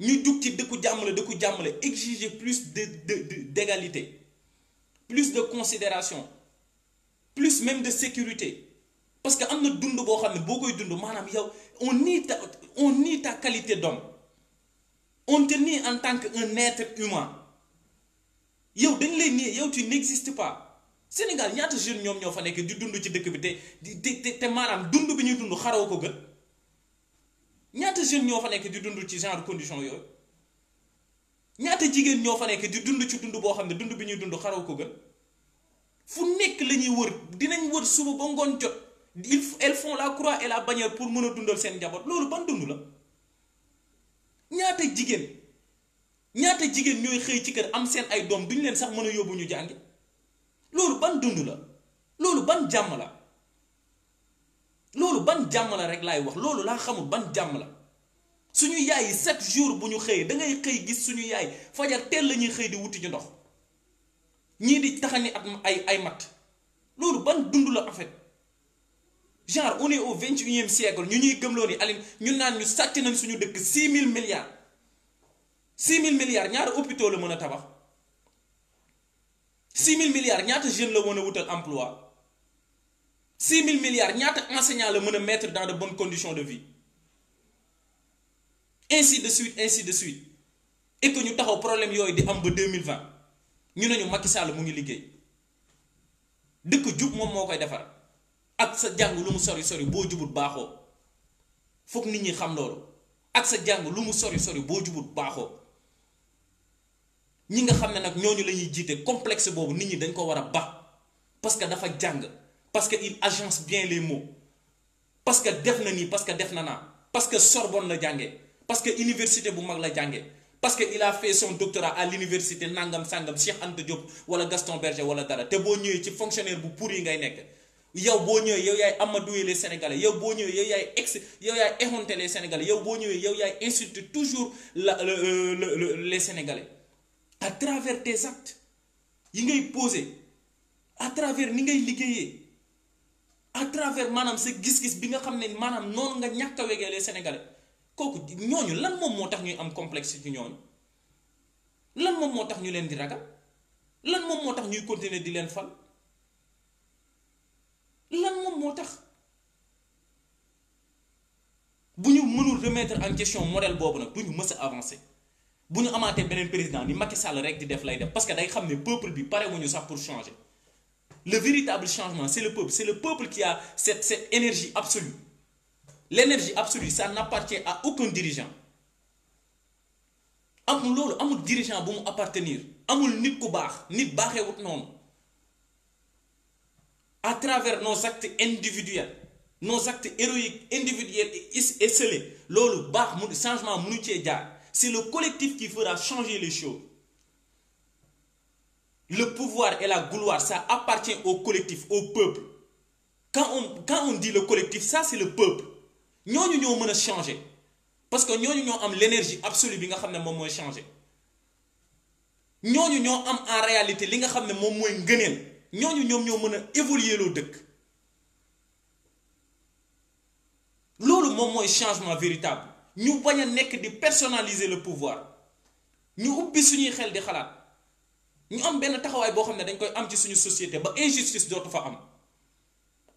ñu jug ci dëkku jàmm la dëkku jàmm la exiger plus de de d'égalité plus de considération plus même de sécurité parce que am na dund boo xam ne boo koy dund maanaam yow on nie ta on nie ta qualité d'homme on te nie en tant que qu'un être humain yow dañ lay nii yow tu n'existes pas Sénégal ñaata jeune ñoom ñoo fa nekk di dund ci dëkk bi te te te maanaam dund bi ñuy dund xaroo ko gën ñaata jeunes ñoo fa nekk di dund ci genre condition yooyu ñaata jigéen ñoo fa nekk di dund ci dund boo xam ne dund bi ñuy dund xaroo ko gën fu nekk la ñuy wër dinañ wër suba ba ngoon jot il elles et la bannière pour mën a dundal seen loolu ban dund la ñaata jigéen ñaata jigéen ñooy xëy ci kër am seen ay doom duñ leen sax mën a yóbbu ñu jàngi loolu ban dund la loolu ban jàmm la loolu ban jàmm la rek laay wax loolu laa xamul ban jàmm la suñu yaay yi chaque jour bu ñu xëyee da ngay xëy gis suñu yaay fajar teel la ñuy xëy di wuti ci ndox ñii di taxani at ay ay mat loolu ban dund la en fait genre on est au vingt et unième siècle ñu ñuy gëmloo ni Aline ñu naan ñu sàcc nañ suñu dëkk six mille milliards six mille milliards ñaari hôpitaux la mën a tabax. six mille milliards ñaata jeune la mën a wutal emploi six mille milliards ñaata enseignant la mën a mettre dans de bonnes conditions de vie ainsi de suite ainsi de suite et ñu taxaw problème yooyu di am ba deux mille vingt ñu ne ñu Macky Sall mu ngi liggéey dëkk jub moom moo koy defar ak sa jàng lu mu sori sori boo jubut baaxoo foog nit ñi xam loolu ak sa jàng lu mu sori sori boo jubut baaxoo. ñi nga xam ne nag ñooñu la ñuy jiite complexe boobu nit ñi dañ ko war a ba parce que dafa jàng parce que il agence bien les mots parce que def na nii parce que def na naa parce que Sorbonne la jàngee parce que université bu mag la jàngee parce que il a fait son doctorat à l'université nangam sangam Cheikh Anta Diop wala Gaston Berger wala dara te boo ñëwee ci fonctionnaire bu pour yi ngay nekk yow boo ñëwee yow yaay amadoué les sénégalais yow boo ñëwee yow yaay ex yow yaay éhonté les sénégalais yow boo ñëwee yow yaay insulté toujours la euh, les sénégalais. à travers tes actes yi ngay poser à travers ni ngay liggéeyee à travers maanaam sa gis-gis bi nga xam ne maanaam noonu nga ñàkk a wegeelee sénégalais kooku ñooñu lan moom moo tax ñuy am complexe ci ñooñu lan moom moo tax ñu leen di ragal lan moom moo tax ñuy continuer di leen fal lan moom moo tax bu ñu mënul remettre en question modèle boobu nag du ñu mës a avancer. bu ñu amaatee beneen président ni Macky Sall rek di def lay def parce que day xam ne peuple bi pare wuñu sax pour changer le véritable changement c'est le peuple c'est le peuple qui a cette cette énergie absolue l'énergie absolue ça n'appartient à aucun dirigeant am loolu amul dirigeant bu mu appartenir amul nit ku baax nit baaxeewut noonu à travers nos actes individuels nos actes héroïques individuels et loolu baax mu changement mënu cee jaar. C'est le collectif qui fera changer les choses. Le pouvoir et la gloire, ça appartient au collectif, au peuple. Quand on, quand on dit le collectif, ça c'est le peuple. mën a changer. Parce que ñooñu ñoo am l'énergie bi nga xam ne moom mooy changer. ñooñu ñoo am en réalité li nga xam ne moom mooy ngëneel ñooñu ñoom ñoo mën a évoluer loo dëkk loolu moom mooy changement véritable ñu bañ a nekk di personnaliser le pouvoir ñu ubbi suñuy xel di xalaat ñu am benn taxawaay boo xam ne dañ koy am ci suñu société ba injustice dootu fa am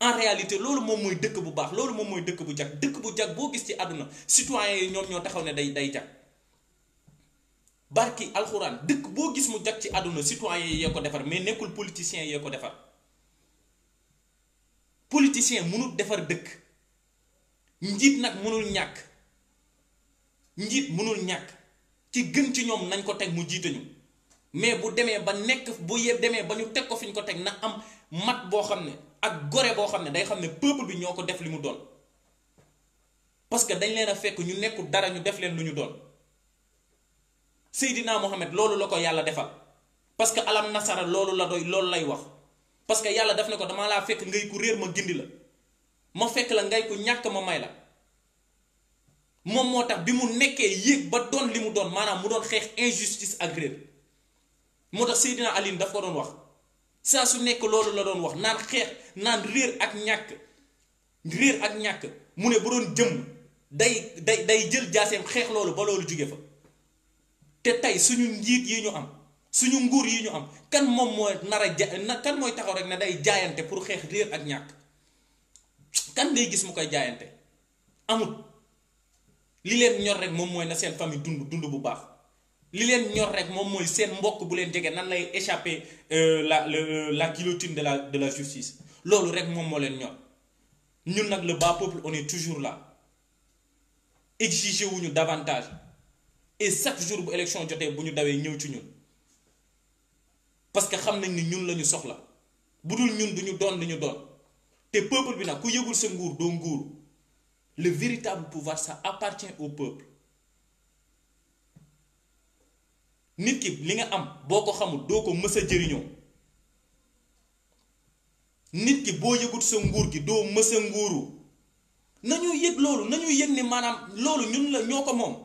en réalité loolu moom mooy dëkk bu baax loolu moom mooy dëkk bu jag dëkk bu jag boo gis ci àdduna citoyen yi ñoom ñoo taxaw ne day day jag barki alxuraan dëkk boo gis mu jag ci àdduna citoyen yi yee ko defar mais nekkul politicien yee ko defar politicien mënul defar dëkk njiit nag mënul ñàkk njiit mënul ñàkk ki gën ci ñoom nañ ko teg mu jiitañu mais bu demee ba nekk bu yeb demee ba ñu teg ko fi ñu ko teg na am mat boo xam ne ak gore boo xam ne day xam ne peuple bi ñoo ko def li mu doon parce que dañ leen a fekk ñu nekkul dara ñu def leen lu ñu doon Seydina Mohamed loolu la ko yàlla defal parce que alam nasara loolu la doy loolu lay wax parce que yàlla daf ne ko damaa laa fekk ngay ku réer ma gindi la ma fekk la ngay ku ñàkk ma may la moom moo tax bi mu nekkee yéeg ba doon li mu doon maanaam mu doon xeex injustice ak réer moo tax Seydina Alioune daf ko doon wax saa su nekk loolu la doon wax naan xeex naan réer ak ñàkk réer ak ñàkk mu ne bu doon jëm day day day jël jaaseem xeex loolu ba loolu jóge fa te tey suñu njiit yi ñu am suñu nguur yi ñu am kan moom mooy nar a ja kan mooy taxaw rek ne day jaayante pour xeex réer ak ñàkk kan day gis mu koy jaayante amut. lii leen ñor rek moom mooy na seen famille dund dund bu baax li leen ñor rek moom mooy seen mbokk bu leen jege nan lay échapper euh, la euh, la guillotine de la de la justice loolu rek moom moo leen ñor ñun nag le bas peuple on est toujours la exiger wuñu davantage et chaque jour bu élection jotee bu ñu dawee ñëw ci ñun parce que xam nañ ni ñun la ñu soxla bu dul ñun du ñu doon li ñu doon te peuple bi nag ku yëgul sa nguur doo nguur. le véritable pouvoir ça appartient au peuple nit ki li nga am boo ko xamul doo ko mës a jëriñoo nit ki boo yëgut sa nguur gi doo mës a nguuru nañu yëg loolu nañu yëg ni maanaam loolu ñun la ñoo ko moom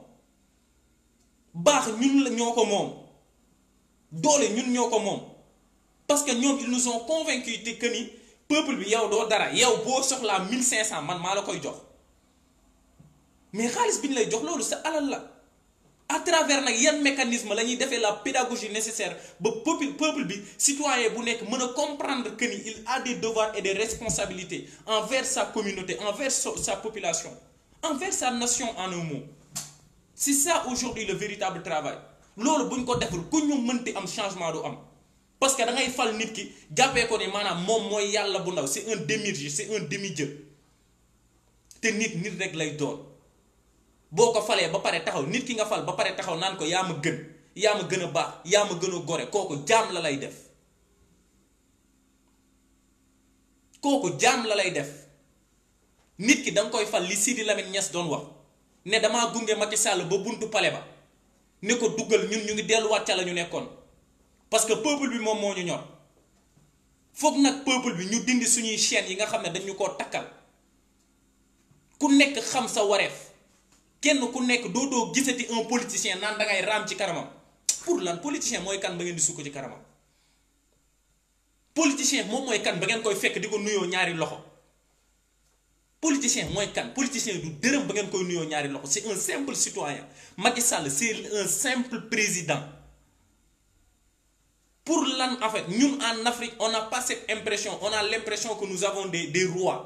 baax ñun la ñoo ko moom doole ñun ñoo ko moom parce que ñoom ils nous ont convaincus te que ni peuple bi yow doo dara yow boo soxlaa 1500 man maa la koy jox mais xaalis bi ñu lay jox loolu sa alal la à travers nag yan mécanisme la ñuy defee la pédagogie nécessaire ba peuple peuple bi citoyen bu nekk mën a comprendre que ni il a des devoirs et des responsabilités envers sa communauté envers sa population envers sa nation en un mot c'est ça aujourd'hui le véritable travail loolu bu ñu ko deful ku ñu mënti am changement du am parce que da ngay fal nit ki jàppee ko ni maanaam moom mooy yàlla bu ndaw c'est un demi-dieu c'est un demi-dieu te nit rek lay doon. boo ko falee ba pare taxaw nit ki nga fal ba pare taxaw naan ko yaa ma gën yaa ma gën a baax yaa ma gën a gore kooku jaam la lay def kooku jaam la lay def nit ki danga koy fal li Sidi Lamine Niass doon wax ne damaa gunge Macky sàll ba buntu pale ba ni ko duggal ñun ñu ngi delluwaat ca la ñu nekkoon parce que peuple bi moom moo ñu ñor foog nag peuple bi ñu dindi suñuy chaînes yi nga xam ne dañu koo takkal ku nekk xam sa wareef kenn ku nekk doo doo gisati un politicien naan da ngay raam ci karamam pour lan politicien mooy kan ba ngeen di sukk ci karamam politicien moom mooy kan ba ngeen koy fekk di ko nuyoo ñaari loxo politicien mooy kan politicien du dërëm ba ngeen koy nuyoo ñaari loxo c'est un simple citoyen Macky Sall c'est un simple président pour lan en fait ñun en Afrique on n'a pas cette impression on a l'impression que nous avons de des rois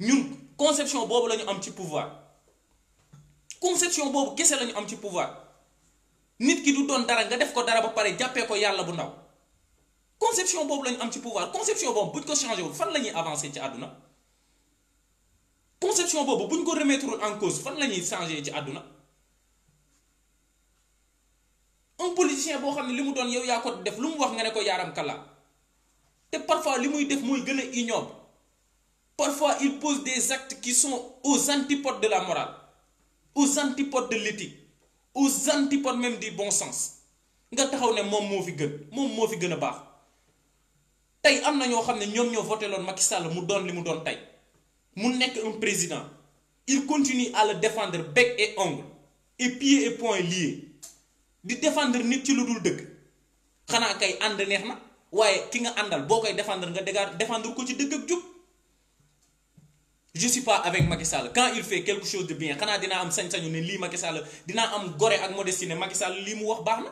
ñun conception boobu lañu am ci pouvoir conception boobu kese lañu am ci pouvoir nit ki du doon dara nga def ko dara ba pare jàppee ko yàlla bu ndaw conception boobu lañu am ci pouvoir conception boobu buñ ko changé wul fan la ñuy avancé ci àdduna conception boobu buñ ko remettre en cause fan la ñuy changé ci àdduna un politicien boo xam ne li mu doon yow yaa ko def lu mu wax nga ne ko yaaram kala te parfois li muy def mooy gën a ignoble parfois il pose des actes qui sont aux antipodes de la morale aux antipodes de l'éthique aux antipodes même du bon sens nga taxaw ne moom moo fi gën moom moo fi gën a baax tey am na ñoo xam ne ñoom ñoo voté loon Macky Sall mu doon li mu doon tey mu nekk un président il continue à le défendre bec et ongle et pieds et point liés di défendre nit ci lu dul dëgg xanaa kay ànd neex na waaye ki nga àndal boo koy défendre nga dégaar défendre ko ci dëgg jub je suis pas avec Macky Sall quand il fait quelque chose de bien xanaa dinaa am sañ-sañu ne lii Macky dinaa am gore ak modestie ne Macky lii mu wax baax na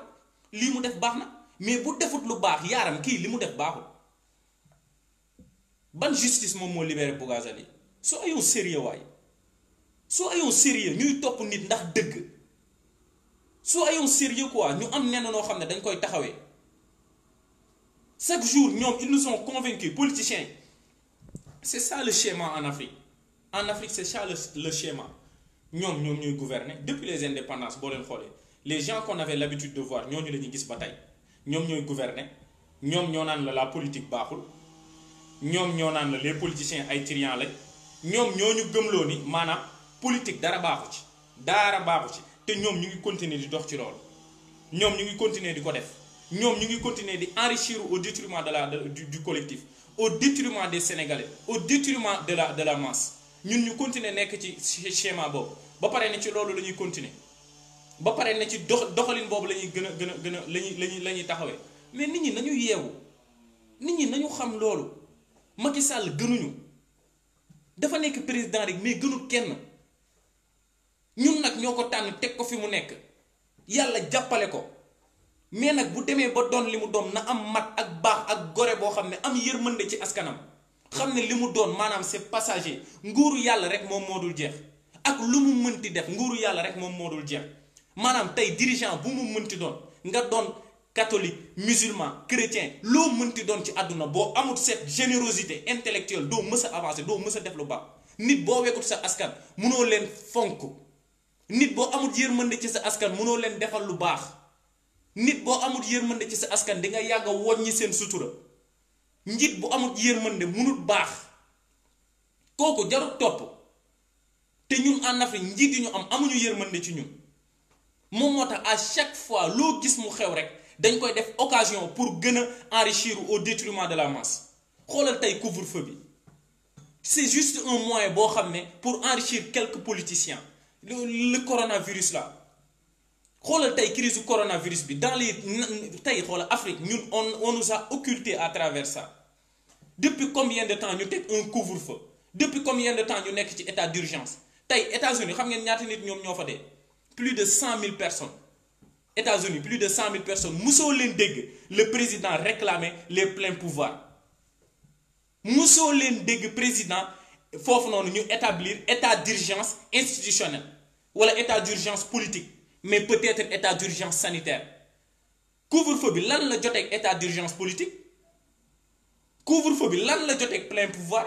lii mu def baax na mais bu defut lu baax yaaram kii li mu def baaxul ban justice moom moo libéré Bougazelli soo ayoo sérieux waay soo ayoo sérieux ñuy topp nit ndax dëgg soo ayoo sérieux quoi ñu am nenn noo xam ne dañ koy taxawee chaque jour ñoom ils nous sont c'est ça le schéma en en Afrique c'est ça le, le schéma ñoom ñoom ñuy gouverner depuis les indépendances boo leen xoolee les gens qu'on avait l'habitude de voir ñooñu la ñuy gis ba tey ñoom ñooy gouverner ñoom ñoo naan la la politique baaxul ñoom ñoo naan la les politiciens ay triant lañ ñoom ñoo ñu gëm loo ni maanaam politique dara baaxu ci dara baaxu te ñoom ñu ngi continuer di dox ci loolu ñoom ñu ngi continuer di ko def ñoom ñu ngi continuer di enrichir au détriment de la du collectif au détriment des Sénégalais au détriment de la de la masse ñun ñu continuer nekk ci schéma boobu ba pare ne ci loolu la ñuy continuer ba pare na ci dox doxalin boobu la ñuy gën a gën a gën a la ñuy la ñuy la ñuy taxawee mais nit ñi nañu yeewu nit ñi nañu xam loolu Macky Sall gënuñu dafa nekk président rek mais gënul kenn ñun nag ñoo ko tànn teg ko fi mu nekk yàlla jàppale ko mais nag bu demee ba doon li mu doom na am mat ak baax ak gore boo xam ne am yërmande ci askanam. xam ne li mu doon maanaam c'est passager nguuru yàlla rek moom moo dul jeex ak lu mu mënti def nguuru yàlla rek moom moo dul jeex maanaam tey dirigeant bu mu mënti doon nga doon catholique musulman chrétien loo mënti doon ci àdduna boo amul cette générosité intellectuelle doo mës a avancer doo mës a def lu baax nit boo wekkut sa askan munoo leen fonk nit boo amul yërmande ci sa askan munoo leen defal lu baax nit boo amul yërmande ci sa askan di nga yàgg a woññi seen sutura. njiit bu amul yërmande munut baax kooku jarut topp te ñun en Afrique njiit yi ñu am amuñu yërmande ci ñu moom moo tax à chaque fois loo gis mu xew rek dañ koy def occasion pour gën a enrichir au détriment de la masse xoolal tey couvre-feu bi c'est juste un moyen boo xam ne pour enrichir quelques politiciens le, le coronavirus là xoolal tey crise du coronavirus bi dans les tey xoolal Afrique ñun on on nous a occulté à travers ça depuis combien de temps ñu teg un couvre-feu depuis combien de temps ñu nekk ci état d'urgence tey États-Unis xam ngeen ñaata nit ñoom ñoo fa dee plus de cent mille personnes États-Unis plus de cent mille personnes musoo leen dégg le président réclamer les pleins pouvoirs musoo leen dégg président foofu noonu ñu établir état d'urgence institutionnel wala état d'urgence politique mais peut-être état d'urgence sanitaire couvre-feu bi lan la jotee état d'urgence politique couvre-feu bi lan la joteeg plein pouvoir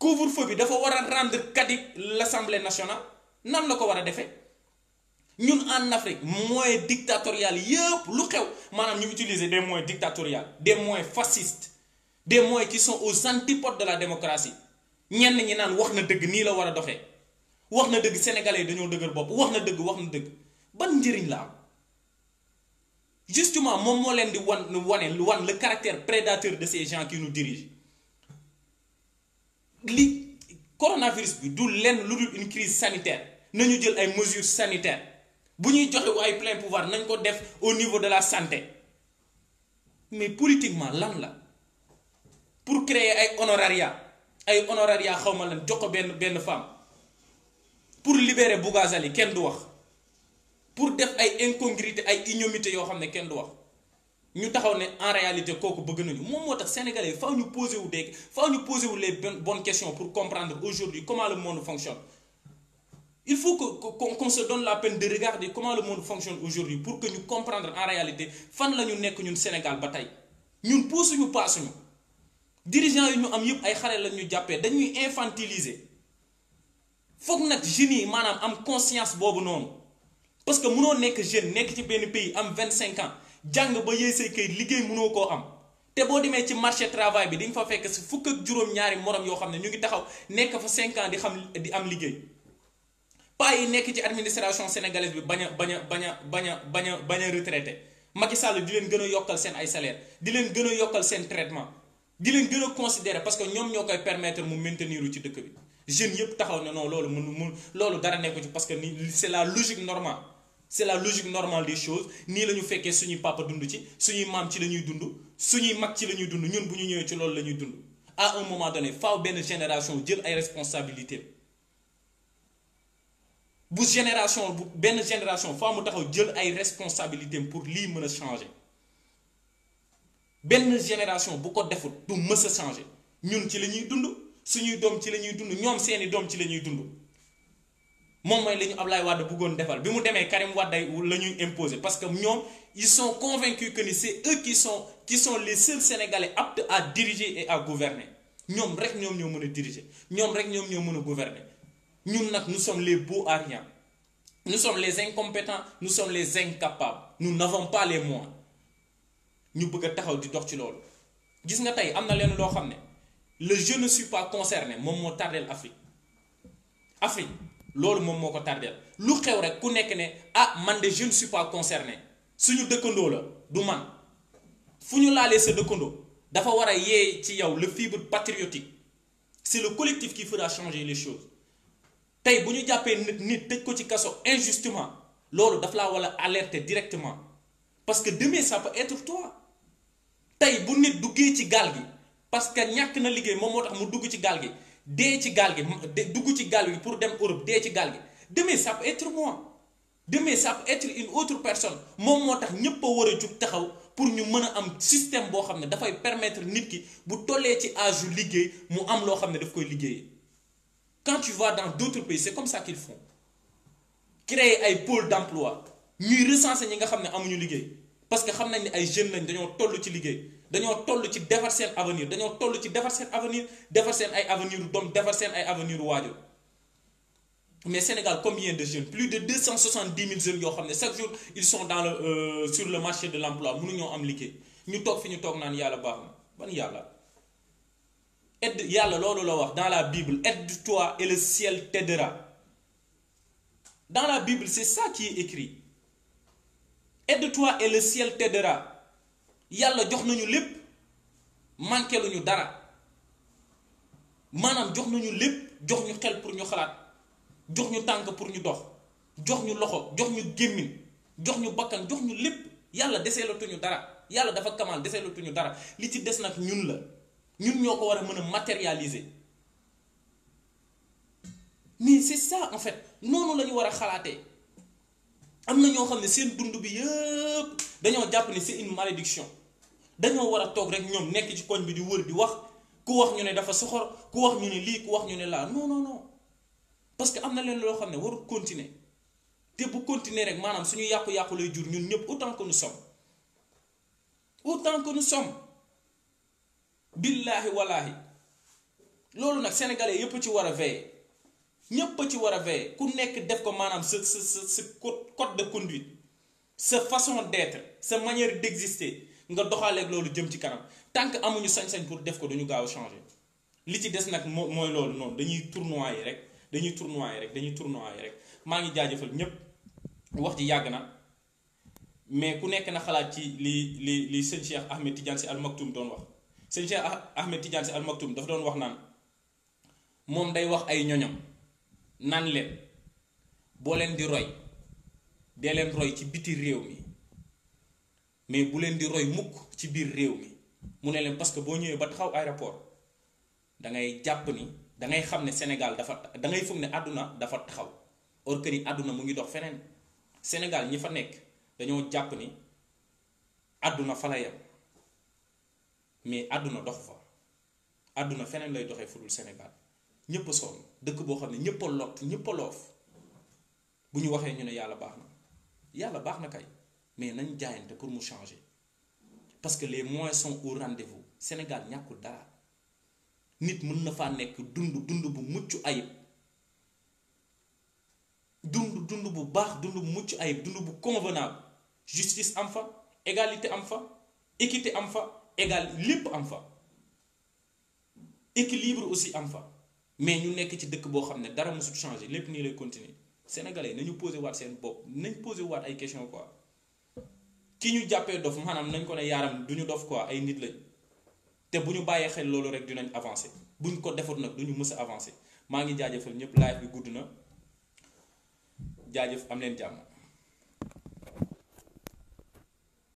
couvre-feu bi dafa war a rendre caduque l'Assemblée nationale nan la ko war a defee ñun en Afrique moyens dictatorial yëpp lu xew maanaam ñu utiliser des moyens dictatorial des moyens fascistes des moyens qui sont aux antipodes de la démocratie ñenn ñi naan wax na dëgg nii la war a doxee wax na dëgg sénégalais dañoo dëgër bopp wax na dëgg wax na dëgg ban njëriñ la am. justement moom moo leen di wan wane wan le caractère prédateur de ces gens qui nous dirigent li coronavirus bi du lenn lu dul une crise sanitaire nañu jël ay mesures sanitaire bu ñuy joxe ay plein pouvoir nañ ko def au niveau de la santé mais politiquement lan la pour créer ay honorariat ay honorariat xaw ma lan jox ko benn benn femme pour libérer Bougazali kenn du wax. pour def ay incongruité ay ignomité yoo xam ne kenn du wax ñu taxaw ne en réalité kooku bëgg nañu moom moo tax sénégalais faw ñu posé wu dégg faaw ñu posé wu les question questions pour comprendre aujourd'hui comment le monde fonctionne il faut que qu'on se donne la peine de regarder comment le monde fonctionne aujourd'hui pour que ñu comprendre en réalité fan la ñu nekk ñun Sénégal ba tey ñun puusuñu paasuñu dirigeants yi ñu am yëpp ay xale lañ ñu jàppee dañuy infantiliser foog nag jeunes yi maanaam am conscience boobu noonu. parce que munoo nekk jeune nekk ci benn pays am vingt cinq ans jàng ba yee say këyit liggéey munoo koo am te boo demee ci marché travail bi di nga fa fekk si fukk ak juróom-ñaari morom yoo xam ne ñu ngi taxaw nekk fa cinq ans di xam di am liggéey paa yi nekk ci administration sénégalaise bi bañ a bañ bañ a bañ a bañ a bañ a retraité Macky Sall gën a yokkal seen ay salaire di leen a yokkal seen traitement di leen que ñoom ñoo koy mu maintenir ci dëkk bi jeunes yëpp taxaw ne non loolu mënu mun loolu dara nekku ci parce que ni c'est la logique normale c'est la logique normale des choses nii la ñu fekkee suñuy papa dund ci suñuy maam ci la ñuy dund suñuy mag ci la ñuy dund ñun bu ñu ñëwee ci loolu la ñuy dund à un moment donné benn génération jël ay responsabilité bu génération bu benn génération faaw mu taxaw jël ay responsabilité pour lii mën a changer benn génération bu ko defut du mës a changer ñun ci la ñuy dund suñuy doom ci la ñuy dund ñoom seeni doom ci la ñuy dund moom mooy li ñu Ablaye Wade bëggoon defal bi mu demee Karim Wade la ñuy imposer parce que ñoom ils sont convaincus que ni c'est eux qui sont qui sont les seuls sénégalais aptes à diriger et à gouverner ñoom rek ñoom ñoo mën a diriger ñoom rek ñoom ñoo mën a gouverner ñu nag nous sommes les beaux à rien nous sommes les incompétents nous sommes les incapables nous n'avons pas les moyens ñu bëgg taxaw di dox ci loolu gis nga tey am na leen loo xam ne le je ne suis pas concerné moom moo tardeel Afrique Afrique loolu moom moo ko tardeel lu xew rek ku nekk ne ah man de je ne suis pas concerné suñu dëkkandoo la du man fu ñu laalee sa dëkkandoo dafa war a yee ci yow le fibre patriotique c'est le collectif qui fera changer les choses tey bu ñu jàppee nit nit tëj ko ci kaso injustement loolu daf laa war a alerter directement parce que demain ça peut être tey bu nit duggee ci gaal gi parce que ñàkk na liggéey moom moo tax mu dugg ci gaal gi dee ci gaal gi dugg ci gaal gi pour dem Europe dee ci gaal gi demain ça peut être moi demain ça peut une autre personne moom moo tax ñëpp a war a jug taxaw pour ñu mën a am système boo xam ne dafay permettre nit ki bu tollee ci âge yu liggéey mu am loo xam ne daf koy liggéey quand tu vas dans d'autres pays c'est comme ça qu'ils font créer ay pôle d'emploi ñuy recenser ñi nga xam ne amuñu liggéey parce que xam nañ ni ay jeunes lañ dañoo toll ci liggéey. dañoo toll ci defar seen avenir dañoo toll ci defar seen avenir defar seen ay avenir u doom defar seen ay avenir u waajur mais Sénégal combien de jeunes plus de deux cent soixante dix mille jeunes yoo xam ne chaque jour ils sont dans le euh, sur le marché de l'emploi ñoo am liggéey ñu toog fi ñu toog naan yàlla baax na ban yàlla aide yàlla loolu la wax dans la Bible aide-toi et le ciel t'aidera dans la Bible c'est ça qui est écrit aide-toi et le ciel t'aidera yàlla jox nañu lépp manqué luñu dara maanaam jox nañu lépp jox ñu xel pour ñu xalaat jox ñu tànk pour ñu dox jox ñu loxo jox ñu gémmiñ jox ñu bakkan jox ñu lépp yàlla deseelatuñu dara yàlla dafa kamal deseelatuñu dara li ci des nag ñun la ñun ñoo ko war a mën a matérialiser mais c'est ça en fait noonu lañu war a xalaatee am na ñoo xam ne seen dund bi yëpp dañoo jàpp ni c'est une malédiction dañoo war a toog rek ñoom nekk ci koñ bi di wër di wax ku wax ñu ne dafa soxor ku wax ñu ne lii ku wax ñu ne laa non non non parce que am na leen loo xam ne warul continuer te bu continuer rek maanaam su suñu yàqu-yàqu lay jur ñun ñëpp autant que nous sommes autant que nous sommes billaahi walaahi loolu nag sénégalais yëpp ci war a veiller ñëpp ci war a veiller ku nekk def ko maanaam sa sa sa sa code de conduite sa façon d'être sa manière d'exister nga doxaleeg loolu jëm ci kanam tant que amuñu sañ-sañ pour def ko dañu gaaw a changer li ci des nag moo mooy loolu noonu dañuy tournoyer rek dañuy tournoyer rek dañuy tournoyer rek maa ngi jaajëfal ñépp wax ji yàgg na mais ku nekk na xalaat ci li li li sëñ Cheikh Ahmed Tidiane si almaktum doon wax sëñ Cheikh ah-, Ahmed Tidiane si almaktum dafa doon wax naan moom day wax ay ñoñam naan leen boo leen di roy dee leen roy ci biti réew mi mais bu leen di roy mukk ci biir réew mi mu ne leen parce que boo ñëwee ba taxaw aéroport da ngay jàpp ni da xam ne Sénégal dafa dangay ngay ne àdduna dafa taxaw or que àdduna mu ngi dox feneen Sénégal ñi fa nekk dañoo jàpp ni àdduna fa la yem mais àdduna dox fa àdduna feneen lay doxee fudul Sénégal ñëpp a sonn dëkk boo xam ne ñëpp lot ñëpp a loof bu ñu waxee ñu ne yàlla baax na yàlla baax na kay. mais nañ jaayante pour mu changer parce que les moyens sont au rendez-vous Sénégal ñàkkul dara nit mun na faa nekk dund dund bu mucc ayib dund dund bu baax dund mucc ayib dund bu convenable justice am fa égalité am fa équité am fa égal lépp am fa équilibre aussi am fa mais ñu nekk ci dëkk boo xam ne dara mësul changer lépp nii lay continuer sénégalais nañu posé waat seen bopp nañ posé waat ay question quoi ki ñu jàppee dof maanaam nañ ko ne yaaram du ñu dof quoi ay nit lañ te bu ñu bàyyee xel loolu rek dinañ avancer buñ ko defut nag du ñu mës a avancer maa ngi jaajëfal ñëpp live bi gudd na jaajëf am leen jàmm.